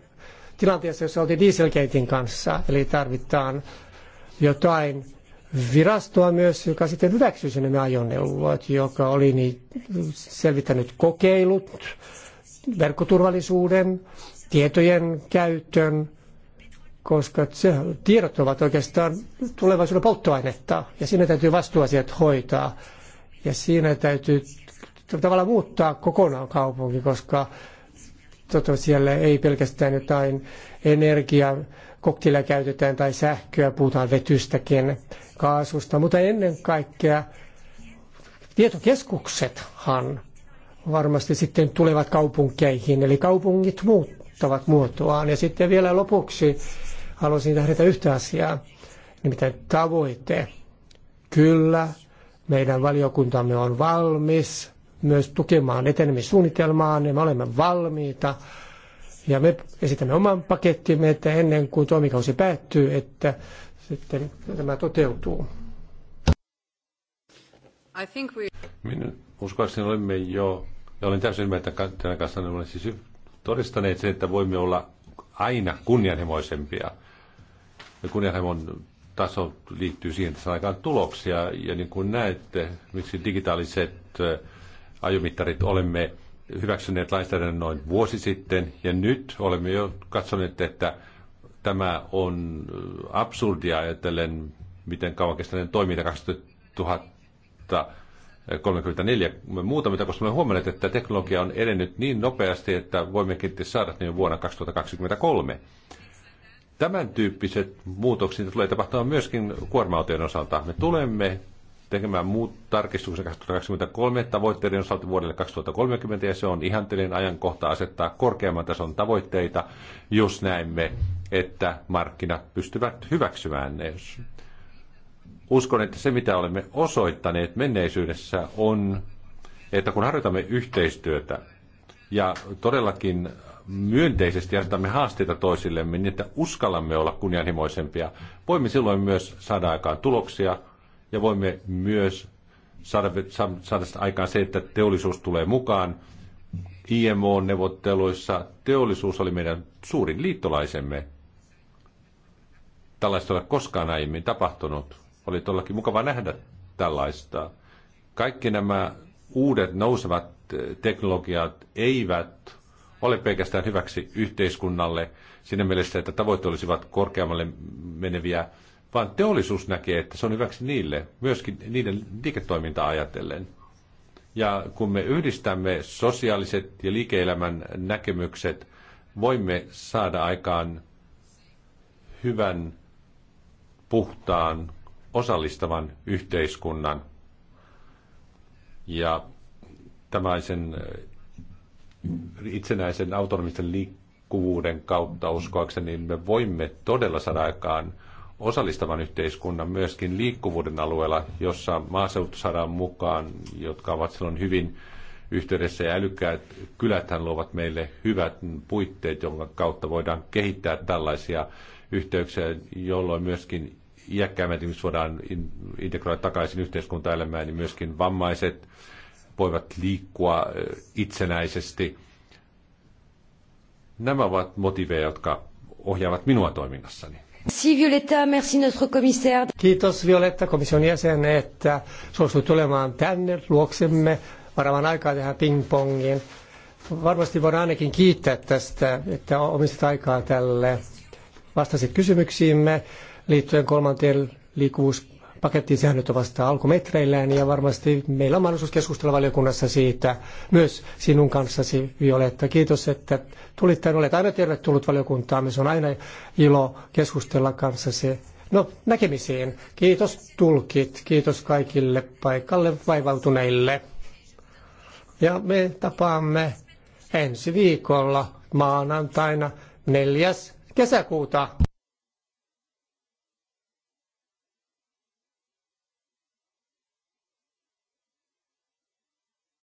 tilanteessa, jossa oltiin dieselgatein kanssa, eli tarvitaan jotain virastoa myös, joka sitten hyväksyisi nämä ajoneuvot, joka oli niin selvittänyt kokeilut, verkkoturvallisuuden, tietojen käytön, koska se, tiedot ovat oikeastaan tulevaisuuden polttoainetta ja siinä täytyy vastuuasiat hoitaa. Ja siinä täytyy tavallaan muuttaa kokonaan kaupunki, koska tota, siellä ei pelkästään jotain energiaa, koktilla käytetään tai sähköä, puhutaan vetystäkin, kaasusta, mutta ennen kaikkea tietokeskuksethan varmasti sitten tulevat kaupunkeihin, eli kaupungit muuttavat muotoaan. Ja sitten vielä lopuksi haluaisin tähdätä yhtä asiaa, nimittäin tavoite. Kyllä, meidän valiokuntamme on valmis myös tukemaan etenemissuunnitelmaa, niin me olemme valmiita. Ja me esitämme oman pakettimme, että ennen kuin toimikausi päättyy, että sitten tämä toteutuu. I think we... Minä uskoakseni olemme jo, ja olen täysin ymmärtänyt että kanssa, siis todistaneet sen, että voimme olla aina kunnianhimoisempia – ja kunnianhimon taso liittyy siihen, että saadaan tuloksia. Ja niin kuin näette, miksi digitaaliset äh, ajomittarit olemme hyväksyneet lainsäädännön noin vuosi sitten, ja nyt olemme jo katsoneet, että tämä on äh, absurdia ajatellen, miten kauan kestäneen toiminta 34 muuta, mitä koska me huomanneet, että teknologia on edennyt niin nopeasti, että voimme kenties saada ne jo vuonna 2023. Tämän tyyppiset muutokset tulee tapahtua myöskin kuorma osalta. Me tulemme tekemään muut tarkistukset 2023 tavoitteiden osalta vuodelle 2030, ja se on ihanteellinen ajankohta asettaa korkeamman tason tavoitteita, jos näemme, että markkinat pystyvät hyväksymään ne. Uskon, että se mitä olemme osoittaneet menneisyydessä on, että kun harjoitamme yhteistyötä ja todellakin myönteisesti ja asetamme haasteita toisillemme niin, että uskallamme olla kunnianhimoisempia, voimme silloin myös saada aikaan tuloksia ja voimme myös saada, saada aikaan se, että teollisuus tulee mukaan. IMO-neuvotteluissa teollisuus oli meidän suurin liittolaisemme. Tällaista ei ole koskaan aiemmin tapahtunut. Oli todellakin mukava nähdä tällaista. Kaikki nämä uudet nousevat eh, teknologiat eivät ole pelkästään hyväksi yhteiskunnalle siinä mielessä, että tavoitteet olisivat korkeammalle meneviä, vaan teollisuus näkee, että se on hyväksi niille, myöskin niiden liiketoimintaa ajatellen. Ja kun me yhdistämme sosiaaliset ja liike-elämän näkemykset, voimme saada aikaan hyvän, puhtaan, osallistavan yhteiskunnan. Ja tämä sen itsenäisen autonomisten liikkuvuuden kautta uskoakseni me voimme todella saada aikaan osallistavan yhteiskunnan myöskin liikkuvuuden alueella, jossa maaseutu saadaan mukaan, jotka ovat silloin hyvin yhteydessä ja älykkäät kyläthän luovat meille hyvät puitteet, jonka kautta voidaan kehittää tällaisia yhteyksiä, jolloin myöskin iäkkäämmät ihmiset voidaan integroida takaisin yhteiskuntaelämään, niin myöskin vammaiset, voivat liikkua itsenäisesti. Nämä ovat motiveja, jotka ohjaavat minua toiminnassani. Violetta, Kiitos Violetta komission jäsen, että suostui tulemaan tänne luoksemme varmaan aikaa tähän pingpongiin. Varmasti voidaan ainakin kiittää tästä, että omistat aikaa tälle. Vastasit kysymyksiimme liittyen kolmanteen liikkuvuus pakettiin. Sehän nyt on vasta alkumetreillään ja varmasti meillä on mahdollisuus keskustella valiokunnassa siitä myös sinun kanssasi Violetta. Kiitos, että tulit tänne. Olet aina tervetullut valiokuntaan. Se on aina ilo keskustella kanssasi. No, näkemisiin. Kiitos tulkit. Kiitos kaikille paikalle vaivautuneille. Ja me tapaamme ensi viikolla maanantaina 4. kesäkuuta.